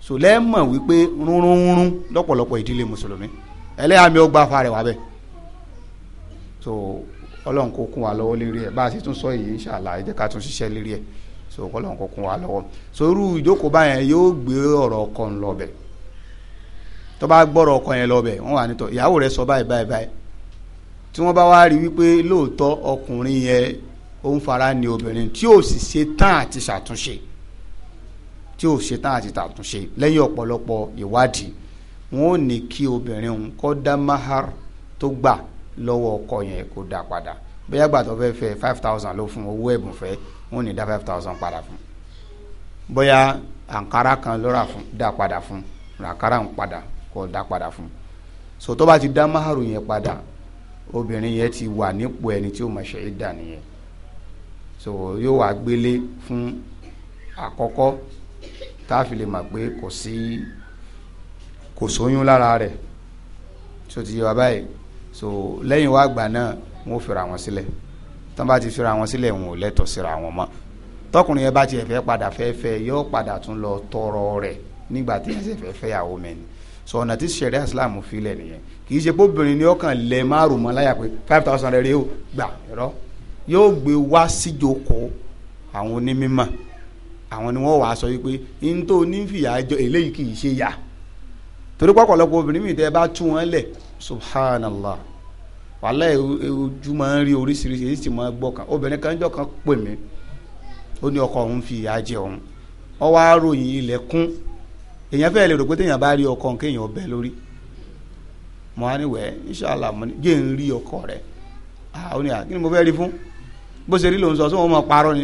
so lẹ́ẹ̀mọ̀ wípé rúnrúnrún lọ́pọ̀lọpọ̀ ìdílé mùsùlùmí ẹlẹ́yàmí ó gba afa rẹ̀ wá bẹ́ẹ̀ so ọlọ́run kó kún wa lọ́wọ́ lérí ẹ̀ bá a sì tún sọ yìí inṣàlá ẹ jẹ́ ká tún ṣiṣẹ́ lérí ẹ̀ so ọlọ́run kó kún wa lọ́wọ́ so irú ìjókòó báyẹn yóò gbé ọ̀rọ̀ ọkọ̀ ńlọ bẹ́ẹ̀ tó bá gbọ́rọ̀ ọkọ yẹn lọ bẹ̀ wọ́n wà nítọ̀ ìyàwó rẹ̀ sọ báyìí báyìí báyìí tí wọ́n bá wá rí wípé lóòótọ́ ọkùnrin yẹn ó ń fara ní obìnrin tí ò sì ṣe tán àti ṣàtúnṣe tí ò ṣe tán àti ṣàtúnṣe lẹ́yìn ọ̀pọ̀lọpọ̀ ìwádìí wọn ò ní kí obìnrin òun kó dá mahar tó gbà lọ́wọ́ ọkọ yẹn kó dá padà bóyá gbà fẹ́ fẹ́ five thousand ló fún owó ẹ̀bùn fẹ́ wọn ò ní dá five thousand padà fún bóyá àǹkárá kan ló rà fún dá padà kó dá padà fún un so tó bá ti dá maharu yẹn padà obìnrin yẹn ti wà nípò ẹni tí ó máa ṣe ìdá nìyẹn so yóò wá gbélé fún àkọ́kọ́ tá a fi lè mọ̀ pé kò sí kò sóyún lára rẹ̀ tó ti yẹ wá báyìí so lẹ́yìn wá gbà náà wọ́n fira wọn sílẹ̀ tán bá ti fira wọn sílẹ̀ wọn ò lẹ́tọ̀ọ́ síra wọn mọ́ tọkùnrin yẹn bá tiẹ̀ fẹ́ padà fẹ́ fẹ́ yóò padà tún lọ tọrọ rẹ̀ nígbà tí yẹn sì fẹ́ fẹ́ yàwó mẹ́ni sọ ọ̀nà tí sẹ̀rẹ́ islam filẹ̀ nìyẹn kì í ṣe pé obìnrin ni ọkàn lẹ̀ márùn mọ́ láyà pé five thousand rẹ̀ yóò gbà ẹ̀rọ yóò gbé wá síjókòó àwọn onímọ̀ àwọn ni wọ́n wàá sọ wípé n tó onífìyà jọ eléyìí kì í ṣe yà torí pọ̀pọ̀lọpọ̀ obìnrin mi tẹ́ bá tú wọn lẹ̀ subhanallah wàhálà ojú máa ń rí oríṣiríṣi èyí sì máa gbọ́ kan obìnrin kan jọ kan pè mí ó ní ọkọ òun fi jẹ òun ó wá ròyìn ilẹ̀kùn èèyàn fẹ́ẹ́ lè rò pé téèyàn bá rí ọkọ nǹkan èèyàn ọbẹ̀ lórí mo á ní wẹ̀ inṣàlá mo ní jẹ́ ń rí ọkọ rẹ̀ ah ó ní à kí ni mo fẹ́ rí fún bó ṣe rí lòun sọ sóun ó mọ parọ́ ni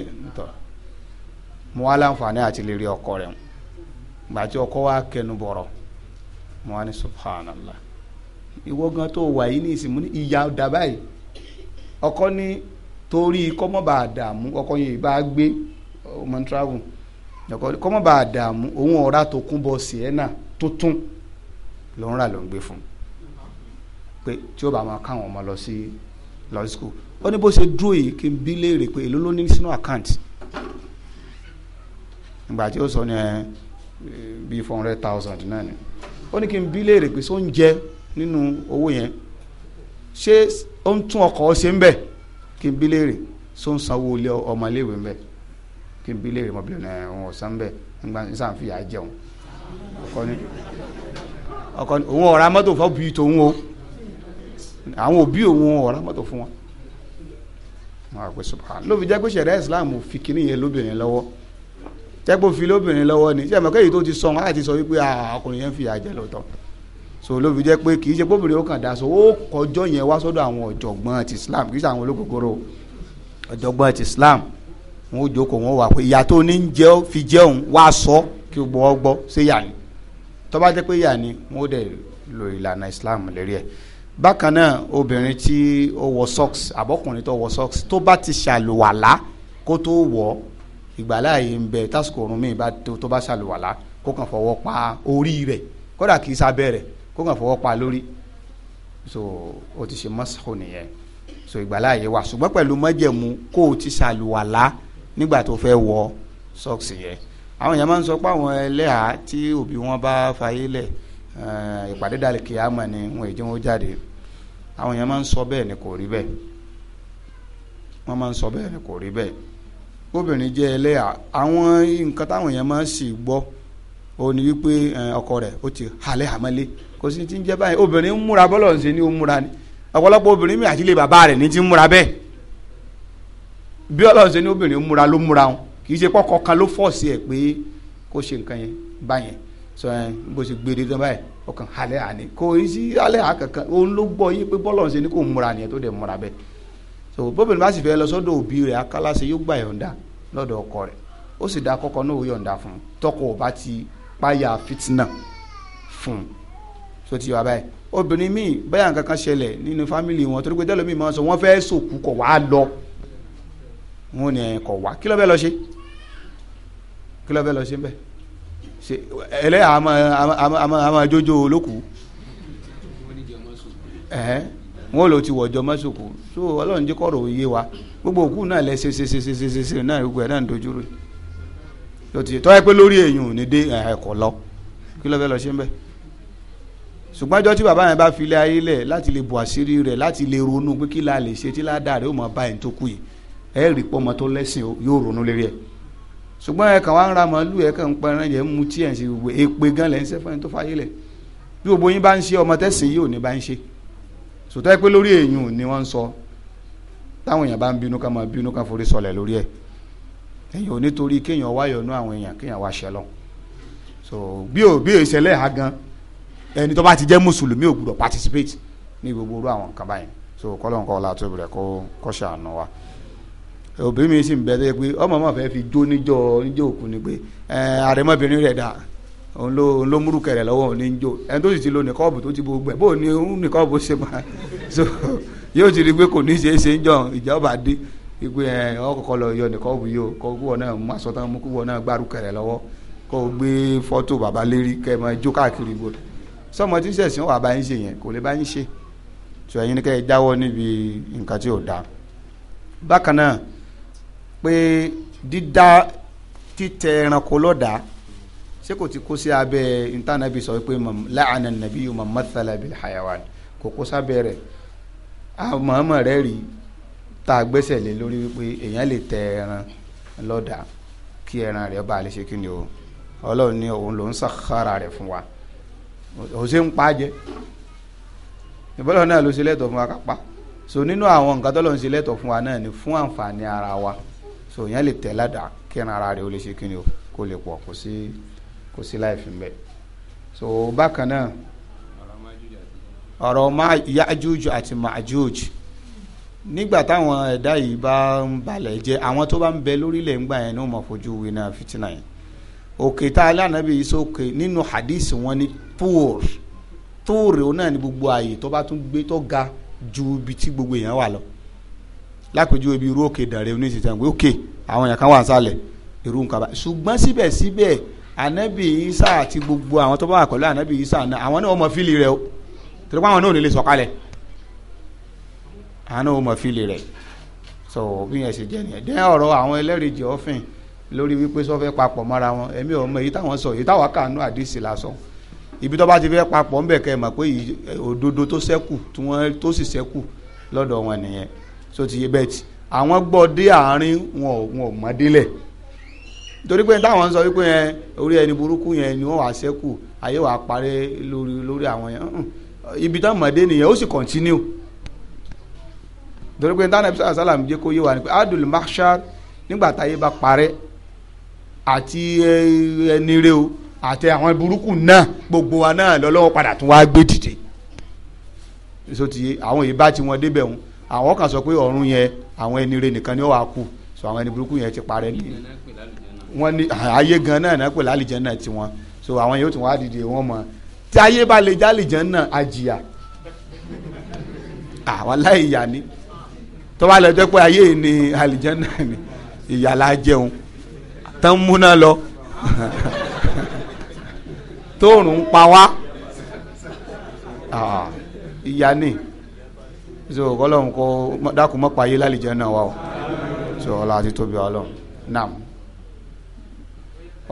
mo wá láǹfààní àti lè rí ọkọ rẹ̀ gbà tí ọkọ wa kẹnu bọ̀rọ̀ mo wá ní subhanallah ìwọ gan tó wà yìí ní ìsìnkú ní ìyá ọ̀dà báyìí ọkọ ní torí kọ́mọ́bà dààmú ọkọ yìí bá kọ́mọ́ bá a dààmú òun ọ̀rá tó kún bọ́ sienna tuntun ló ń rà ló ń gbé fún pé tí ó bá máa káwọn ọmọ lọ sí lọ sí school ó ní bó ṣe dúró yìí kí n bí léèrè pé èló ló ní sínú àkáǹtì ìgbà tí ó sọ ní ẹ eh, bíi four hundred thousand náà ni ó ní kí n bí léèrè pé só ń jẹ nínú owó yẹn ṣé ó ń tún ọkọ̀ ṣe ń bẹ̀ kí n bí léèrè só sanwó ilé ọmọ ń bẹ̀ kí n bí léèrè mọ̀ bìlẹ̀ náà òun ọ̀sán bẹ́ẹ̀ nígbà nísàn fìyà jẹun ọkọ ni òun ọ̀ra mọ́tò fún òbí tòun o àwọn òbí òun ọ̀ra mọ́tò fún wọn wọn àpè subhan ló fi jẹ́ pé sẹ̀rẹ́ islam fi kíní yẹn lóbìnrin lọ́wọ́ jẹ́ pé fi lóbìnrin lọ́wọ́ ni sẹ́mi kẹ́yìn tó ti sọ wọn láti sọ wípé ọkùnrin yẹn fìyà jẹ lọ́tọ̀ so ló fi jẹ́ pé kì í ṣe póbìnrin ó kàn dá so ó kọjọ́ yẹn wá sọ́dọ̀ àwọn ọ̀jọ̀gbọ́n ti islam kì í ṣe àwọn olókòkòrò ọ̀jọ̀gbọ́n ti islam. So, wọn ò jókòó wọn wà pé ìyá tó ní jẹ́ fi jẹun wá sọ kí o gbọ́ gbọ́ ṣé yà ni tó jẹ́ pé yà ni wọn ò dẹ̀ lo ìlànà Islam lérí ẹ̀ bákan náà obìnrin tí ó wọ socks àbọ̀kùnrin tó wọ socks tó bá ti ṣàlùwàlá kó tó wọ̀ ìgbàláyé ń bẹ tásìkò òrùn míì tó bá ṣàlùwàlá kó kàn fọwọ́ pa orí rẹ̀ kódà kì í sábẹ́ rẹ̀ kó kàn fọwọ́ pa lórí so o ti ṣe mọ́sáhùn nìyẹn so ìgbàláyé wà ṣùgbọ́n pẹ̀lú májẹ̀mú kó o ti ṣàlùwàlá nígbà tó fẹ́ wọ sọ́ọ̀sì yẹn àwọn èèyàn máa ń sọ pé àwọn ẹlẹ́hà tí òbí wọn bá fayé lẹ̀ eh, ìpàdé dàlẹ́ kìámà ni wọn èjì wọn jáde àwọn èèyàn máa ń sọ bẹ́ẹ̀ ni kò rí bẹ́ẹ̀ wọ́n máa ń sọ bẹ́ẹ̀ ni kò rí bẹ́ẹ̀ obìnrin jẹ́ ẹlẹ́yà àwọn nǹkan táwọn èèyàn máa ń sì gbọ́ ó ní wípé eh, ọkọ rẹ̀ ó ti halẹ̀ àmọ́lé kò sí ti ń jẹ́ báyìí obìnrin ń múra bọ́lọ̀ ń ṣe ni ó múra ni ọ̀pọ̀lọpọ̀ obìnrin mi àti ilé bàbá rẹ̀ ní ti ń múra bẹ́ẹ̀ bí ọlọ́run ṣe ní obìnrin múra ló múra wọn kì í ṣe pọ́kọ kan ló fọ́ọ̀sì ẹ̀ pé kó ṣe nǹkan yẹn báyẹn sọ ẹ bó ṣe gbére tán báyìí ọkàn halẹ̀ àní kò í sí halẹ̀ àkàkàn òun ló gbọ́ yé pé bọ́lọ́run ṣe ní kò múra nìyẹn tó dẹ̀ múra bẹ́ẹ̀ so bóbìnrin bá sì fẹ́ lọ sọ́dọ̀ òbí rẹ̀ akálàṣe yóò gbà yọ̀ǹda lọ́dọ̀ ọkọ rẹ̀ ó sì dá kọ́kọ́ náà yọ̀ǹda fún un tọkọ ò bá ti páyà fìtínà fún un so ti wà báyìí obìnrin míì báyà nǹkan kan ṣẹlẹ̀ nínú fámìlì wọn torí pé tẹ́lẹ̀ míì máa sọ wọ́n fẹ́ sòkú kọ̀ wá lọ wọn ò ní ẹ̀yìn kọ̀ wá kí ló bẹ́ẹ̀ lọ ṣe kí ló bẹ́ẹ̀ lọ ṣe bẹ́ẹ̀ ṣe ẹlẹ́yà àmọ́ àjọjọ́ olókùú wọn ò lò ti wọ̀jọ́ mọ́sòkò so ọlọ́run jẹ́ kọ́rọ̀ òye wa gbogbo òkú náà lẹ ṣeṣeṣeṣeṣe náà gbogbo ẹ̀ náà ń dojú rẹ̀ tó ti tọ́ ẹ pé lórí èèyàn ò ní dé ẹ̀kọ́ lọ kí ló fẹ́ lọ ṣe ń bẹ̀ ṣùgbọ́n ọjọ́ tí bàbá yẹn bá filẹ̀ ayé lẹ̀ láti lè bò àṣírí rẹ̀ láti lè ronú pé kí la lè ṣe tí ládàá rẹ̀ ó mọ̀ bá tó kú yìí ẹ rí pọ́ ọmọ tó lẹ́sìn yóò ronú lérí ẹ̀ ṣùgbọ́n ẹ kàn wá ń ra màálù ẹ kàn ń pẹran yẹn ń mu tí ẹ̀ ń ṣe gbogbo èpè gan lẹ́ ń ṣe fún ẹni tó fàyè lẹ̀ bí gbogbo yín bá ń ṣe ọmọ tẹ̀sìn yìí ò ní bá ń ṣe sòtọ́ ẹ pé lórí èèyàn ni wọ́n ń sọ táwọn èèyàn bá ń bínú ká máa bínú ká forí sọlẹ̀ lórí ẹ̀ èèyàn ò nítorí kéèyàn wáyọ̀ nú àwọn èèyàn kéèyàn wá ṣẹlọ̀ so bí ò bí ìṣẹ̀lẹ̀ ha gan ẹni tó bá ti jẹ́ mùsùlùmí ò gbúdọ̀ participate ní gbogbo orú àwọn nǹkan báyìí so kọ́lọ́nkọ́ ọ̀la tóbi rẹ̀ kó kọ́ṣà àánú wa. obìnrin mi sì ń bẹ pé ọmọ ọmọ fẹ́ fi jó níjọ níjọ òkú ni pé àrẹ̀mọ́bìnrin rẹ̀ dà òun ló òun ló lọ́wọ́ òun ní jó ẹni tó sì ti lo tó ti bo gbẹ bó ni òun nìkọ́ọ̀bù ṣe máa so yóò ti rí i pé kò ní í ṣe é ṣe ń jọ ìjọba dé ipe ẹ ọkọkọ lọ yọ yìí o náà mú aṣọ tán mú náà gbé bàbá lérí kẹ pé dídá títẹ ẹranko lọ́dà ṣé kò ti kó sí abẹ́ ìtànàbí sọ pé láàánà nàbí yìí mọ̀ mọ́tàlá bíi hayawan kò kó sábẹ́ rẹ̀ àmọ́mọ́ rẹ̀ rí tá a gbẹ́sẹ̀ lé lórí wípé èèyàn lè tẹ ẹran lọ́dà kí ẹran rẹ̀ bá a lè ṣe kí ni o ọlọ́run ní òun ló ń sàkárà rẹ̀ fún wa ó ṣe ń pa jẹ ìbọ́lọ́ náà ló ṣe lẹ́tọ̀ fún wa ká so nínú àwọn nǹkan tó lọ́n ṣe lẹ́tọ̀ fún wa náà ni fún àǹfààní ara wa so yẹn lè tẹ̀ ládàá kí ẹran ara rẹ̀ ó lè ṣe kí ni o kó lè pọ̀ kò sí kò sí láì fi mbẹ́ so bákan náà ọ̀rọ̀ Yájúj àti Májúj nígbà táwọn ẹ̀dá yìí bá ń balẹ̀ jẹ́ àwọn tó bá ń bẹ lórílẹ̀ ńgbà yẹn ní wọn máa fojú winá fitina yẹn òkè tá a lánàbí yìí sókè nínú hadith wọn ni tóòr tóòr òun ni gbogbo ààyè tó bá tún gbé tó ga ju ibi tí gbogbo èèyàn wà lọ lápèjúwe bí irú òkè dàrẹ́ oníṣẹ́ tẹ̀ ń gbé òkè àwọn èèyàn kan wà sálẹ̀ irú nǹkan bá ṣùgbọ́n síbẹ̀síbẹ̀ anabi isa àti gbogbo àwọn tó bá wà pẹ̀lú anabi isa náà àwọn náà mọ fíìlì rẹ o torí pé àwọn náà ò ní lè sọ̀kalẹ̀ àwọn náà mọ fíìlì rẹ so bí yẹn ṣe jẹ nìyẹn dẹ́ ọ̀rọ̀ àwọn ẹlẹ́rìí jẹ́ òfin lórí wípé sọ fẹ́ papọ̀ mọ́ra wọn ẹ̀mí ọmọ èyí táwọn sọ èyí táwọn kà ń nú àdìsí lásán ibi tó bá ti fẹ́ papọ̀ ńbẹ̀ kẹ́ ẹ̀ mọ̀ pé òdodo tó ṣẹ́kù tó sì ṣẹ́kù lọ́dọ̀ wọn nìyẹn so ti yé bẹ́ẹ̀tì àwọn gbọ́ dé àárín wọn ò mọ́ délẹ̀ torí pé táwọn sọ wípé yẹn orí ẹni burúkú yẹn ni wọ́n wà sẹ́kù ayé wàá parẹ́ lórí lórí àwọn yẹn ibi tó mọ̀ nìyẹn ó sì continue torí pé táwọn ẹbí sàlám jẹ́ kó yé wa ni pé adul mahshar nígbà táyé bá parẹ́ àti eh, ẹni rẹ o àti àwọn burúkú náà gbogbo wa náà lọ́lọ́wọ́ padà tún wá gbé dìde so ti àwọn èyí bá ti wọn débẹ̀ wọn àwọn kan sọ pé ọ̀run yẹn àwọn ẹni re nìkan ni ó wà kú so àwọn ẹni burúkú yẹn ti parẹ́ ní wọn ní ayé gan náà náà pè lálìjẹ́ náà tiwọn so àwọn yóò tún wá dìde wọn mọ tí ayé bá lè jálìjẹ́ náà àjìyà àwọn aláìyá ni tó bá jẹ́ pé ayé ni àlìjẹ́ náà ni ìyà la jẹun tán múná lọ tóòrùn pa wá ìyá ni. Ah, so kọ́lọ́hún kó dákun mọ́ payé lálejò náà wà o so ọlá àti tóbi ọlọ́hún naam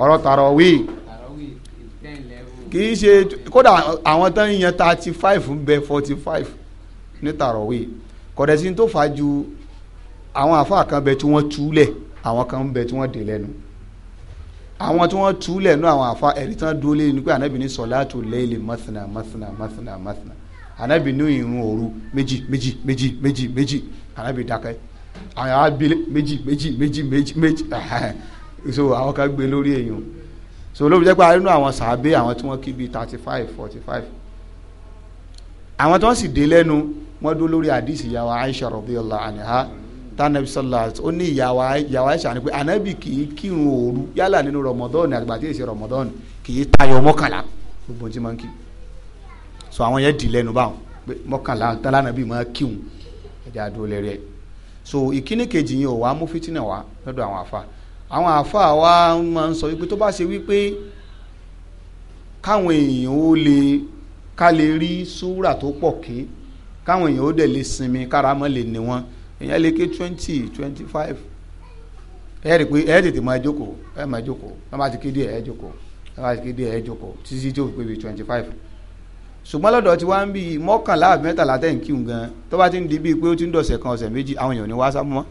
ọ̀rọ̀ tàràwí kì í ṣe kódà àwọn tán yẹn thirty five ń bẹ forty five ní tàràwí kọ̀dẹ̀sí tó fà ju àwọn àfáà kan bẹ tí wọ́n túlẹ̀ àwọn kan bẹ tí wọ́n dè lẹ́nu àwọn tí wọ́n túlẹ̀ nú àwọn àfáà ẹ̀rí tán dúró lé ní pé sọ̀lá tó lẹ́yìn lè mọ́sánà mọ́sánà mọ́sánà mọ́sánà anabi ní irun òru meji meji méjì méjì méjì anabi dákẹ́ àwọn abilé meji meji meji méjì méjì so àwọn kan gbé lórí èèyàn so ló fi jẹ́ pé a rí nínú àwọn sàábé àwọn tí wọ́n kí bíi thirty five forty five àwọn tí wọ́n sì dé lẹ́nu wọ́n dó lórí àdìsí ìyàwó Aisha radiyallahu anha tanabi sallallahu ó ní ìyàwó ìyàwó Aisha ni pé anabi kì í kírun òru yálà nínú Ramadan àgbàtí èsì Ramadan kì í tayọ mọ́kànlá gbogbo tí wọ́n kí i so àwọn yẹn dì lẹ́nu báwọn pé mọ́kànlá tálánà bíi máa kíhun ẹ̀jẹ̀ àdúró lẹ́rú ẹ̀ so ìkíní kejì yìí ò wá mú fìtínà wá lọ́dọ̀ àwọn àfa àwọn àfa wa máa ń sọ wípé tó bá ṣe wípé káwọn èèyàn ó lè ká lè rí súrà tó pọ̀ ké káwọn èèyàn ó dẹ̀ lè sinmi káramọ́ lè ní wọn èèyàn lè ké twenty twenty five ẹ rí i pé ẹ tètè máa jókòó ẹ máa jókòó ẹ máa ti kéde ẹ jókòó ẹ máa ti kéde ẹ jókòó títí tó fi pé bíi twenty five ṣùgbọ́n lọ́dọ̀ tí wọ́n ń bí mọ́kànlá àbí mẹ́tàlá tẹ̀ ń kíhun gan tó bá ti ń di bíi pé ó ti ń dọ̀sẹ̀ kan ọ̀sẹ̀ méjì àwọn èèyàn ní wá sá mọ́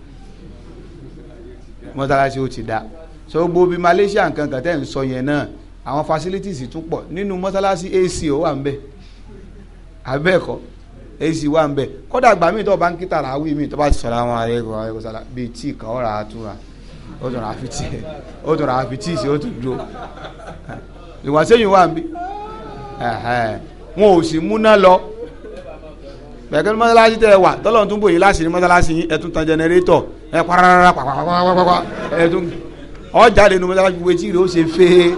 mọ́tàlásí ó ti dá so gbogbo bíi Malaysia nǹkan kan tẹ̀ ń sọ yẹn náà àwọn facilities tún pọ̀ nínú mọ́tàlásí AC ó wà ń bẹ̀ abẹ́ẹ̀kọ́ AC wà ń bẹ̀ kódà gbà míì tó bá ń kí tàrà wí míì tó bá ti sọ̀rọ̀ àwọn àrẹ́kọ̀ àrẹ́kọ̀ sálà bíi tíì kan ọ̀rà àtúrà ó wọn ò sì múná lọ bẹ̀ẹ́kẹ́ mọ́sálásí tẹ́ ẹ wà tọ́lọ̀ tún bòyí láṣìírí mọ́sálásí yín ẹ̀tún tan jẹnẹrétọ̀ ẹ parara pàpàpàpàpà ẹ̀tún ọ̀jáde nu mọ́sálásí gbogbo etí rẹ̀ ó ṣe fẹ́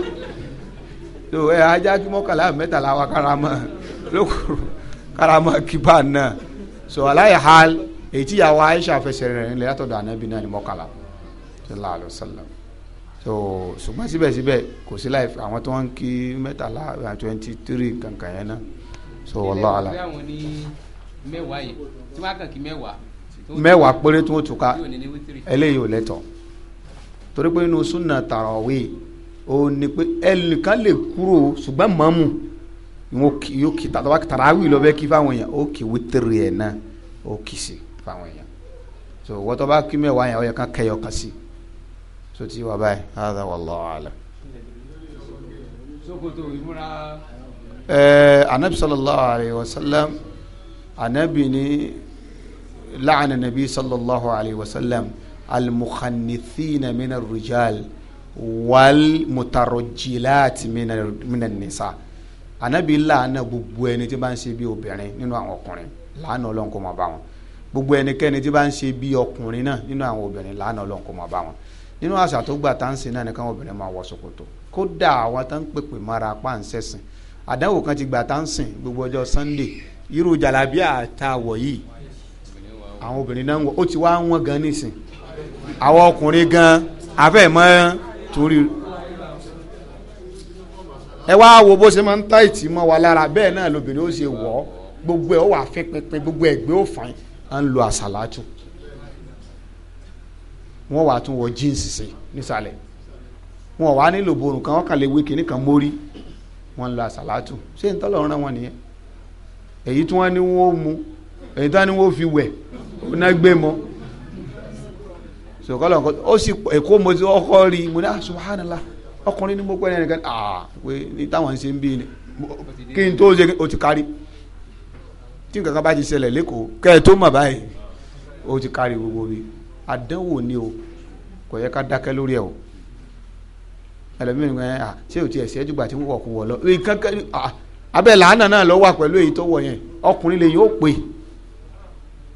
tó ẹ ajá kí mọ́kànlá mẹ́tàlá wa karama lókùrù karama kíbà náà so aláyè hal èyí tí yàwó Aisha fẹsẹ̀ rẹ̀ ńlẹ̀ yàtọ̀ dànù ẹbí náà ni mọ́kànlá sallallahu alaihi wasallam so ṣùgbọ́n síbẹ̀síbẹ̀ kò sí láì àwọn tó ń kí mẹ́tàlá twenty three kankan yẹn náà so wallahu alam. mẹ́wàá péré tó ń tuka eléyìí ò lẹ́tọ̀ torí pé inú súnà tàràwé o ní pé ẹnìkan lè kúrò ṣùgbọ́n mọ́mù yóò kí tàràwí lọ kí fáwọn èèyàn ó kì wítìrì ẹ̀ náà ó kì sí fáwọn èèyàn so wọ́n tó bá kí mẹ́wàá yẹn ó yẹ ká kẹyọ kan sí i so ti wà báyìí hádà wallahu alam. ṣòkòtò ìmúra. ẹẹ anabi sallallahu alayhi wa sallam anabi ni la'ana nabi sallallahu alayhi wa sallam almukhannithina min ar-rijal wal mutarajjilat min an-nisa anabi la'ana gbogbo ẹni tí bá ń ṣe bí obìnrin nínú àwọn ọkùnrin la'ana Ọlọ́run kó bá wọn gbogbo ẹnikẹ́ni tí bá ṣe bí ọkùnrin náà nínú àwọn obìnrin la'ana Ọlọ́run kó bá wọn nínú àṣà tó gbà tá à ń sin náà nìkan obìnrin máa wọ ṣòkòtò kódà àwọn tó ń pèpè mara apá ń sẹ́sìn àdánwò kan ti gbà tá à ń gbogbo ọjọ́ sunday irú jàlábíà tá a wọ̀ yìí àwọn obìnrin náà ń wọ ó ti wá wọ́n gan nísìn àwọn ọkùnrin gan afẹ́mọ́ torí ẹ wá wo bó ṣe máa ń tá ìtì mọ́ wa lára bẹ́ẹ̀ náà lobìnrin ó ṣe wọ̀ gbogbo ẹ̀ ó wà fín pinpin gbogbo ẹ̀gbẹ́ ó fàìn à ń lo àṣà látún wọn wà tún wọ jíǹsì sí wọn wà nílò borùn kan wọ́n kàn lè wé kan mórí wọn ń lo ṣé n rán wọn nìyẹn èyí tí ní fi wẹ ó ná gbé mọ́ sọkọlọ nǹkan ó sì mo ti ọkọ rí mo ní ah, ni mo ah, pé ní táwọn ṣe ń bí ni kí n tó ṣe o ti kárí tí nǹkan kan àdánwò ni o kò yẹ ká dákẹ́ lórí ẹ̀ o ẹlòmíràn ẹ à ṣé o ti ẹ̀ ṣẹ́jú gbà tí wọ́n kò wọ̀ lọ nǹkan kan abẹ́ làánà náà lọ wà pẹ̀lú èyí tó wọ̀ yẹn ọkùnrin lè yóò pè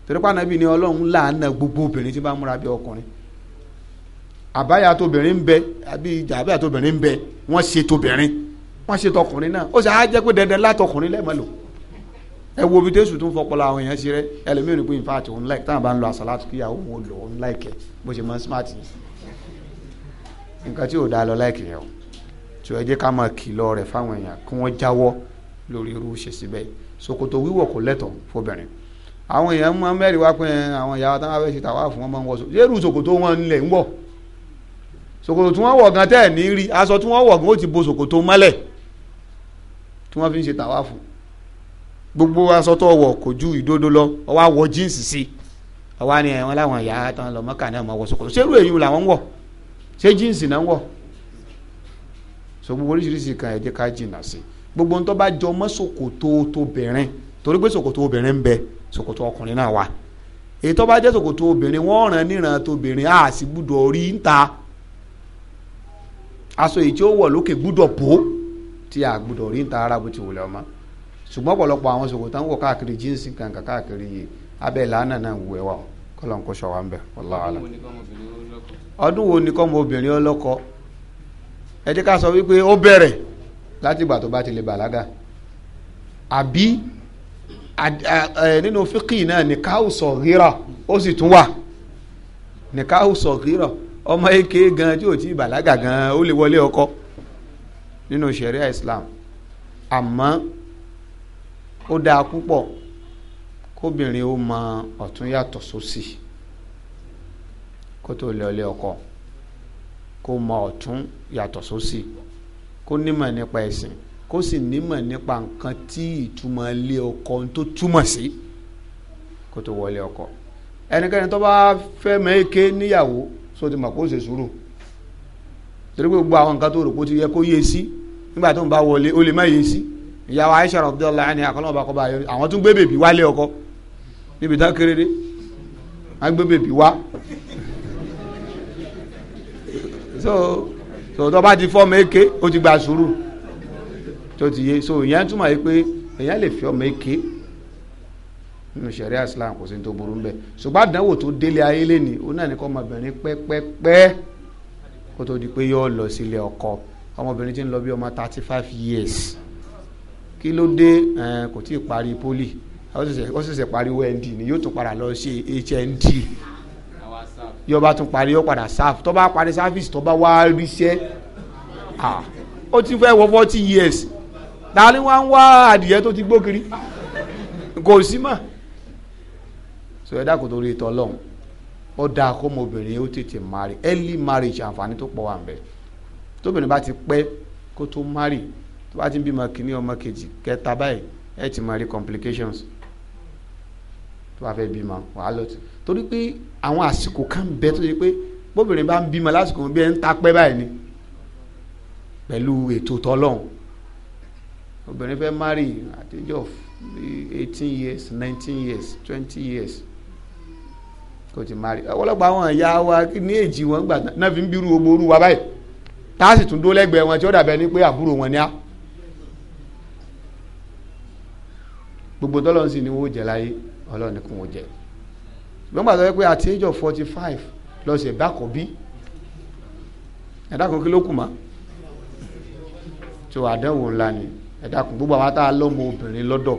torípa nàbí ni ọlọ́run làánà gbogbo obìnrin tí bá ń múra bí ọkùnrin àbáyà tóbìnrin ń bẹ àbí ìjà àbáyà tóbìnrin ń bẹ wọ́n ṣe tóbìnrin wọ́n ṣe tọkùnrin náà ó sì á jẹ́ pé dandan látọkùnrin lẹ́ẹ̀mọ́ lò ẹ wo bí tẹ́sù tó ń fọpọlọ àwọn èèyàn ṣe rẹ ẹlẹ́mìíràn pé in fact òun like táwọn bá ń lo àsálàtù kíyàwó òun lò òun like ẹ bó ṣe máa ń smart yìí nǹkan tí ò dáa lọ like yẹn o tí ó jẹ́ ká máa kìlọ̀ rẹ̀ fáwọn èèyàn kí wọ́n jáwọ́ lórí irú ṣe síbẹ̀ ṣòkòtò wíwọ̀ kò lẹ́tọ̀ fóbìnrin àwọn èèyàn máa ń mẹ́rin wá pé àwọn ìyàwó táwọn fẹ́ ṣe tàwa fún wọn máa ń wọ ṣòkòtò yẹ́rù ṣòkòtò wọn nílẹ̀ ń wọ̀ ṣòkòtò tí wọ́n wọ̀ gan tẹ́ẹ̀ ní rí aṣọ tí wọ́n wọ̀ gan ó ti bo ṣòkòtò mọ́lẹ̀ tí wọ́n fi ń ṣe tàwa fún gbogbo aṣọ tó wọ̀ kò ju ìdodo lọ ọwọ́ àwọ̀ jíǹsì sí ọwọ́ ni ẹ̀wọ̀n láwọn ìyá tán lọ mọ́kà náà máa wọ ṣòkòtò ṣé irú èyí làwọn ń wọ̀ ṣé jíǹsì náà ń wọ̀ so gbogbo oríṣiríṣi kan ẹ jẹ́ ká jìnnà sí gbogbo ohun tó bá jọ mọ́ ṣòkòtò tóbìnrin torí pé ṣòkòtò obìnrin ń bẹ ṣòkòtò ọkùnrin náà wà èyí tó bá jẹ́ ṣòkòtò obìnrin wọ́n ràn níran tóbìnrin á sì gbúdọ̀ rí ń ta aṣọ èyí tí ó wọ̀ lókè gbúdọ̀ bò tí a gbúdọ̀ rí ń ta ara bó ti ọmọ ṣùgbọ́n ọ̀pọ̀lọpọ̀ àwọn ṣòwò tán wò káàkiri jíǹsì kankan káàkiri abẹ́ ìlànà náà wù ẹ́ wà kọ́lọ̀ ń kó ṣọwọ́ ń bẹ̀ wàláhàlà. ọdún wo ni kọ́mọ obìnrin ọlọ́kọ ẹ jẹ́ ká sọ wípé ó bẹ̀rẹ̀ láti ìgbà tó bá ti lè bàlágà àbí nínú fíkì náà nìkáhù sọ̀gírà ó sì tún wà nìkáhù sọ̀gírà ọmọ eke gan tí ò tí bàlágà gan ó lè wọlé ọkọ nínú ṣẹ̀ríà Islam àmọ́ ó dáa púpọ̀ kóbìnrin ó mọ ọ̀tún yàtọ̀ sósì kó tó lọ ilé ọkọ kó mọ ọ̀tún yàtọ̀ sósì kó nímọ̀ nípa ẹ̀sìn kó sì nímọ̀ nípa nǹkan tí ìtumọ̀ ilé ọkọ tó túmọ̀ sí kó tó wọlé ọkọ ẹnikẹ́ni tó bá fẹ́ mẹ́ẹ̀kẹ́ níyàwó só ti mọ̀ kó ṣe sùúrù torí pé gbogbo àwọn nǹkan tó rò pé ti yẹ kó yé sí nígbà tó ń bá wọlé ó lè má yé sí. Si ìyàwó Aisha radiyallahu anha akọlọ́wọ́ bá kọ́ bá yọ àwọn tún gbé bèbí wálé ọkọ níbi tán kéré dé gbé bèbí wá so so tó bá ti fọ́ méke ó ti gba sùúrù tó ti yé so ìyẹn túmọ̀ yìí pé èèyàn lè fi ọmọ èké nínú sẹ̀rí Islam kò sí ní tó burú ń bẹ̀ ṣùgbọ́n àdánwò tó délé ayé lẹ́ni ó náà ní kọ́ ọmọbìnrin pẹ́pẹ́pẹ́ kó tó di pé yóò lọ sílé ọkọ ọmọbìnrin ti ń lọ bí ọmọ thirty five years kí ló dé kò tí ì parí poli ó ṣẹ̀ṣẹ̀ parí ond ni yóò tún padà lọ ṣe hnd yóò bá tún parí yóò padà sáf tó bá parí sáfíìsì tó bá wá ríṣẹ́ ó ti fẹ́ wọ forty years ta ni wọ́n ń wá adìyẹ tó ti gbó kiri kò sí mọ́ so ẹ̀dá kò torí ìtọ́ lọ́hùn ó dáa kó ọmọbìnrin ó tètè marry early marriage àǹfààní tó pọ̀ wà ń bẹ tóbìnrin bá ti pẹ́ kó tó marry tó bá ti ń bímọ kìíní ọmọ kejì kẹta báyìí ẹ ti máa rí complications tó bá fẹ́ bímọ wàá lọ sí torí pé àwọn àsìkò kan bẹ tó ṣe pé bóbìnrin bá ń bímọ lásìkò bí ẹ ń ta pẹ́ báyìí ni pẹ̀lú ètò tọ́lọ́hún obìnrin fẹ́ marry at age of eighteen years nineteen years twenty years kò ti marry ọ̀pọ̀lọpọ̀ àwọn ìyá wa ní èjì wọn gbà náà fi ń bírú ogbó wa báyìí tá a sì tún dó lẹ́gbẹ̀ẹ́ wọn tí ó dàbẹ̀ ni pé àbúrò wọn ni á. gbogbo tọ́lọ́run sì ni wọ́n jẹ láyé ọlọ́run ni kò wọ́n jẹ ṣùgbọ́n gbàgbọ́ pé àti age of forty five lọ́sẹ̀ bákọ̀ bí ẹ̀dá kí ló kù mọ́ tó àdánwò ńlá ni ẹ̀dá kan gbogbo àwọn àtàwọn lọ́mọ obìnrin lọ́dọ̀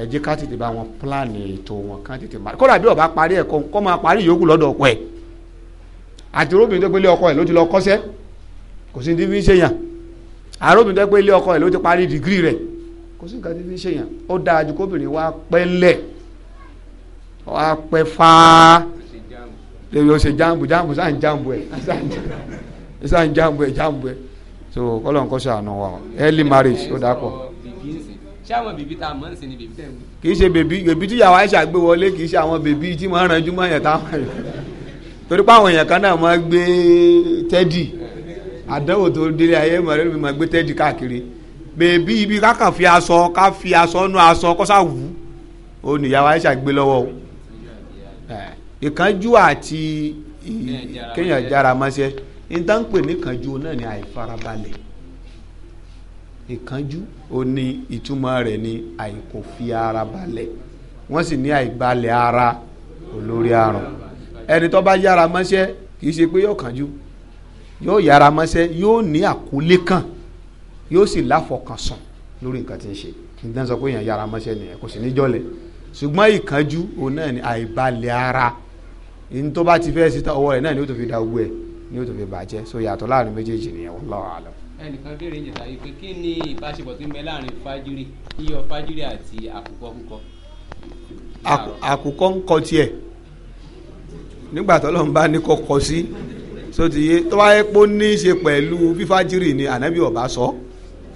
ẹ jẹ́ ká tètè bá wọn pílánì ètò wọn ká tètè má kódà bí ó bá parí ẹ̀kọ́ kó máa parí yòókù lọ́dọ̀ ọkọ ẹ̀ àti róbìnrin tó gbélé ọkọ ẹ̀ ló ti lọ kọ́ṣẹ́ kò sí ní bí ń ṣèyàn àróbìnrin tó gbélé ọkọ ẹ̀ ló ti parí dìgírì rẹ̀ kò sí nǹkan tí fi ń ṣèyàn ó dáa ju kóbìnrin wa pẹ́ ńlẹ̀ wa pẹ́ fáá lèyìn ó ṣe jáàmù jáàmù sáà ń jáàmù ẹ̀ sáà ń jáàmù ẹ̀ jáàmù ẹ̀ so kọ́lọ̀ ń kọ́ ṣàánú wa early marriage ó dáa pọ̀ ṣé àwọn bèbí tá a mọ̀ ń sìn ni bèbí tẹ̀ ń wí. kì í ṣe bèbí bèbí tí yàrá ìṣà gbé wọlé kì í ṣe àwọn bèbí tí mo ń ranjú mọ́ yẹn táwọn yẹn torí pé àwọn èèyàn kan náà máa gbé tẹ́dì àdánwò tó délé ayé mọ̀rẹ́lùmí máa gbé tẹ́dì káàkiri bèbí ibi kákan fi aṣọ ká fi aṣọ nu aṣọ kọ́sá wù ó nìyàwó Aisha gbé o àti kéèyàn jára mọ́ṣẹ́ níta ń pè ní náà ni àìfarabalẹ̀ ìkánjú ó ní ìtumọ̀ rẹ̀ ní àìkò wọ́n sì ní àìbalẹ̀ ara olórí àrùn ẹni yóò sì láfọkànsán lórí nǹkan tí ń ṣe nígbà sọ pé èèyàn yára mọ́ṣẹ́ nìyẹn kò sì ní jọ̀lẹ̀ ṣùgbọ́n ìkánjú òun náà ni àìbalẹ̀ ara ní tó bá ti fẹ́ sí ọwọ́ rẹ̀ náà ni ó tó fi da owó ẹ̀ ni ó tó fi bàjẹ́ so yàtọ̀ láàrin méjèèjì nìyẹn wallahu alam. ẹnìkan béèrè ni ìbáṣepọ̀ nígbà tó lọ́n bá ní kọ́ sí so ti yé tó bá yẹ pé ó ní í ṣe pẹ̀lú fífájírì ni ànábì ọ̀bá sọ. So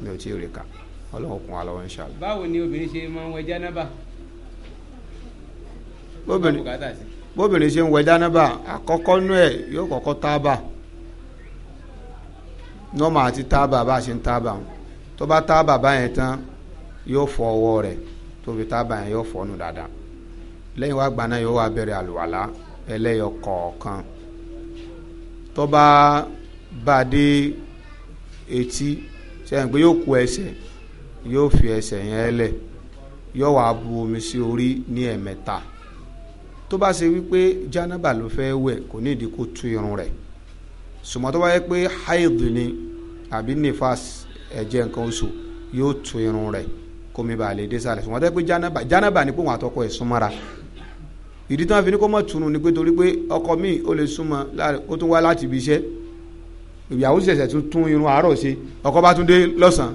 mi ò tí ì rí kà ọlọ́run kún wa lọ́wọ́ ń ṣàlù. báwo ni obìnrin ṣe máa ń wẹ jánábà. bóbìnrin ṣe ń wẹ jánábà àkọ́kọ́ nú ẹ̀ yóò kọ́kọ́ tábà nọ́ọ̀mà àti tábà bá a ṣe ń tábà tó bá tábà báyẹn tán yóò fọ ọwọ́ rẹ̀ tóbi tábà yẹn yóò fọ nù dáadáa lẹ́yìn wá gbaná yóò wá bẹ̀rẹ̀ àlùwàlá ẹlẹ́yọ kọ̀ọ̀kan tó bá bá a dé etí sẹ́yìn pé yóò kó ẹsẹ̀ yóò fi ẹsẹ̀ yẹn lẹ̀ yóò wá bu omi sí orí ní ẹ̀mẹ́ta tó bá ṣe wípé jánábà ló fẹ́ wẹ̀ kò ní ìdí kó tú irun rẹ̀ sùmọ́ tó bá yẹ pé haid ni àbí nifas ẹ̀jẹ̀ nǹkan oṣù yóò tú irun rẹ̀ kó mi bàa lè dé sálẹ̀ sùmọ́ tó yẹ pé jánábà jánábà ni pé wọn àtọkọ ẹ̀ súnmọ́ra ìdí tí wọn fi ní kó mọ̀ túnú ni pé torí pé ọkọ mi ò lè súnmọ́ ó tún wá láti ibi iṣẹ́ ìyàwó ṣẹ̀ṣẹ̀ tún tún irun àárọ̀ ṣe ọkọ bá tún dé lọ́sàn-án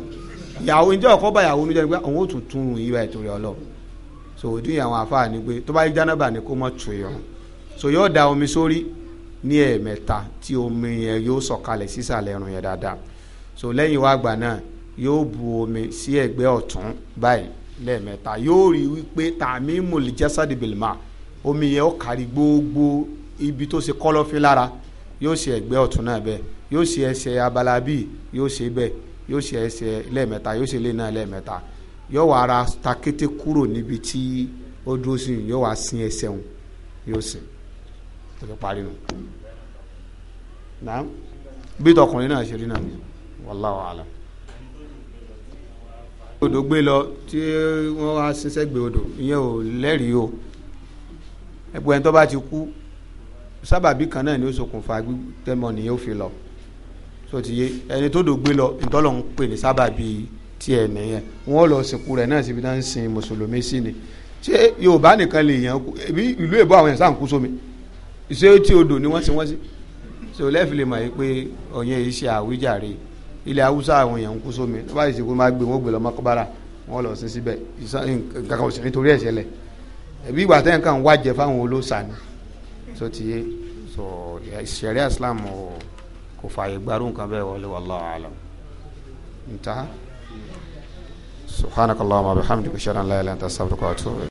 ìyàwó ǹjẹ́ ọkọ bá ìyàwó níjẹ́ pé òun ò tún tún irun ìwà ìtòrí ọlọ́ so òdì àwọn àfáà ni pé tó bá yí jánábà ni kó mọ̀ tù irun so yóò da omi sórí ní ẹ̀ẹ̀mẹ́ta tí omi yẹn yóò sọ̀kalẹ̀ sísàlẹ̀ irun yẹn dáadáa so lẹ́yìn wá gbà náà yóò bu omi sí ẹ̀gbẹ́ ọ̀tún báyìí lẹ́ẹ̀mẹ́ta yóò rí wípé tààmì mọ̀lìjásádì bìlìmà omi yẹn ó kárí gbogbo ibi tó ṣe kọ́lọ́fín lára yóò ṣe ẹ̀gbẹ́ ọ̀tún náà bẹ́ẹ̀ yóò ṣe ẹsẹ̀ abala bíi yóò ṣe bẹ́ẹ̀ yóò ṣe ẹsẹ̀ lẹ́ẹ̀mẹ́ta yóò ṣe lé náà lẹ́ẹ̀mẹ́ta yóò wá ara ta kété kúrò níbi tí ó dúró sí yóò wá sin ẹsẹ̀ òun yóò sìn tó fi parí nu. bí tọkùnrin náà ṣe rí náà ni wallahu alam odò gbé lọ tí wọ́n wá ṣiṣẹ́ gbé odò ìyẹn ò lẹ́rìí o ẹgbẹ́ ẹni tó bá ti kú sábàbí kan náà ni ó ṣokùnfà tẹ́mọ̀ nìyẹn ó fi lọ tó ti yé ẹni tó dògbé lọ ntọ́lọ̀ ń pè ní sábàbí tiẹ̀ nìyẹn wọ́n lọ sìnkú rẹ̀ náà síbi náà ń sin mùsùlùmí sí ni ṣé yorùbá nìkan lè yàn ẹbí ìlú èbó àwọn yẹn sáà ń kú sómi ṣé tí odò ni wọ́n sin wọ́n sí so lẹ́ẹ̀fì lè mọ̀ yìí pé ọ̀yẹ́ yìí ṣe àwíjàre ilẹ̀ haúsá àwọn yẹn ń kú sómi tó bá yìí ṣe kó máa gbé wọn gbé lọ mọ́kọ́bára wọn lọ sí síbẹ̀ nǹkan kan ò sì nítorí ẹ̀ṣẹ̀ lẹ̀ kò fààyè gbárù nǹkan bẹ́ẹ̀ wọlé wallahu alam intaha subhanakallahumma wa bihamdika ashhadu an la ilaha illa anta astaghfiruka wa atubu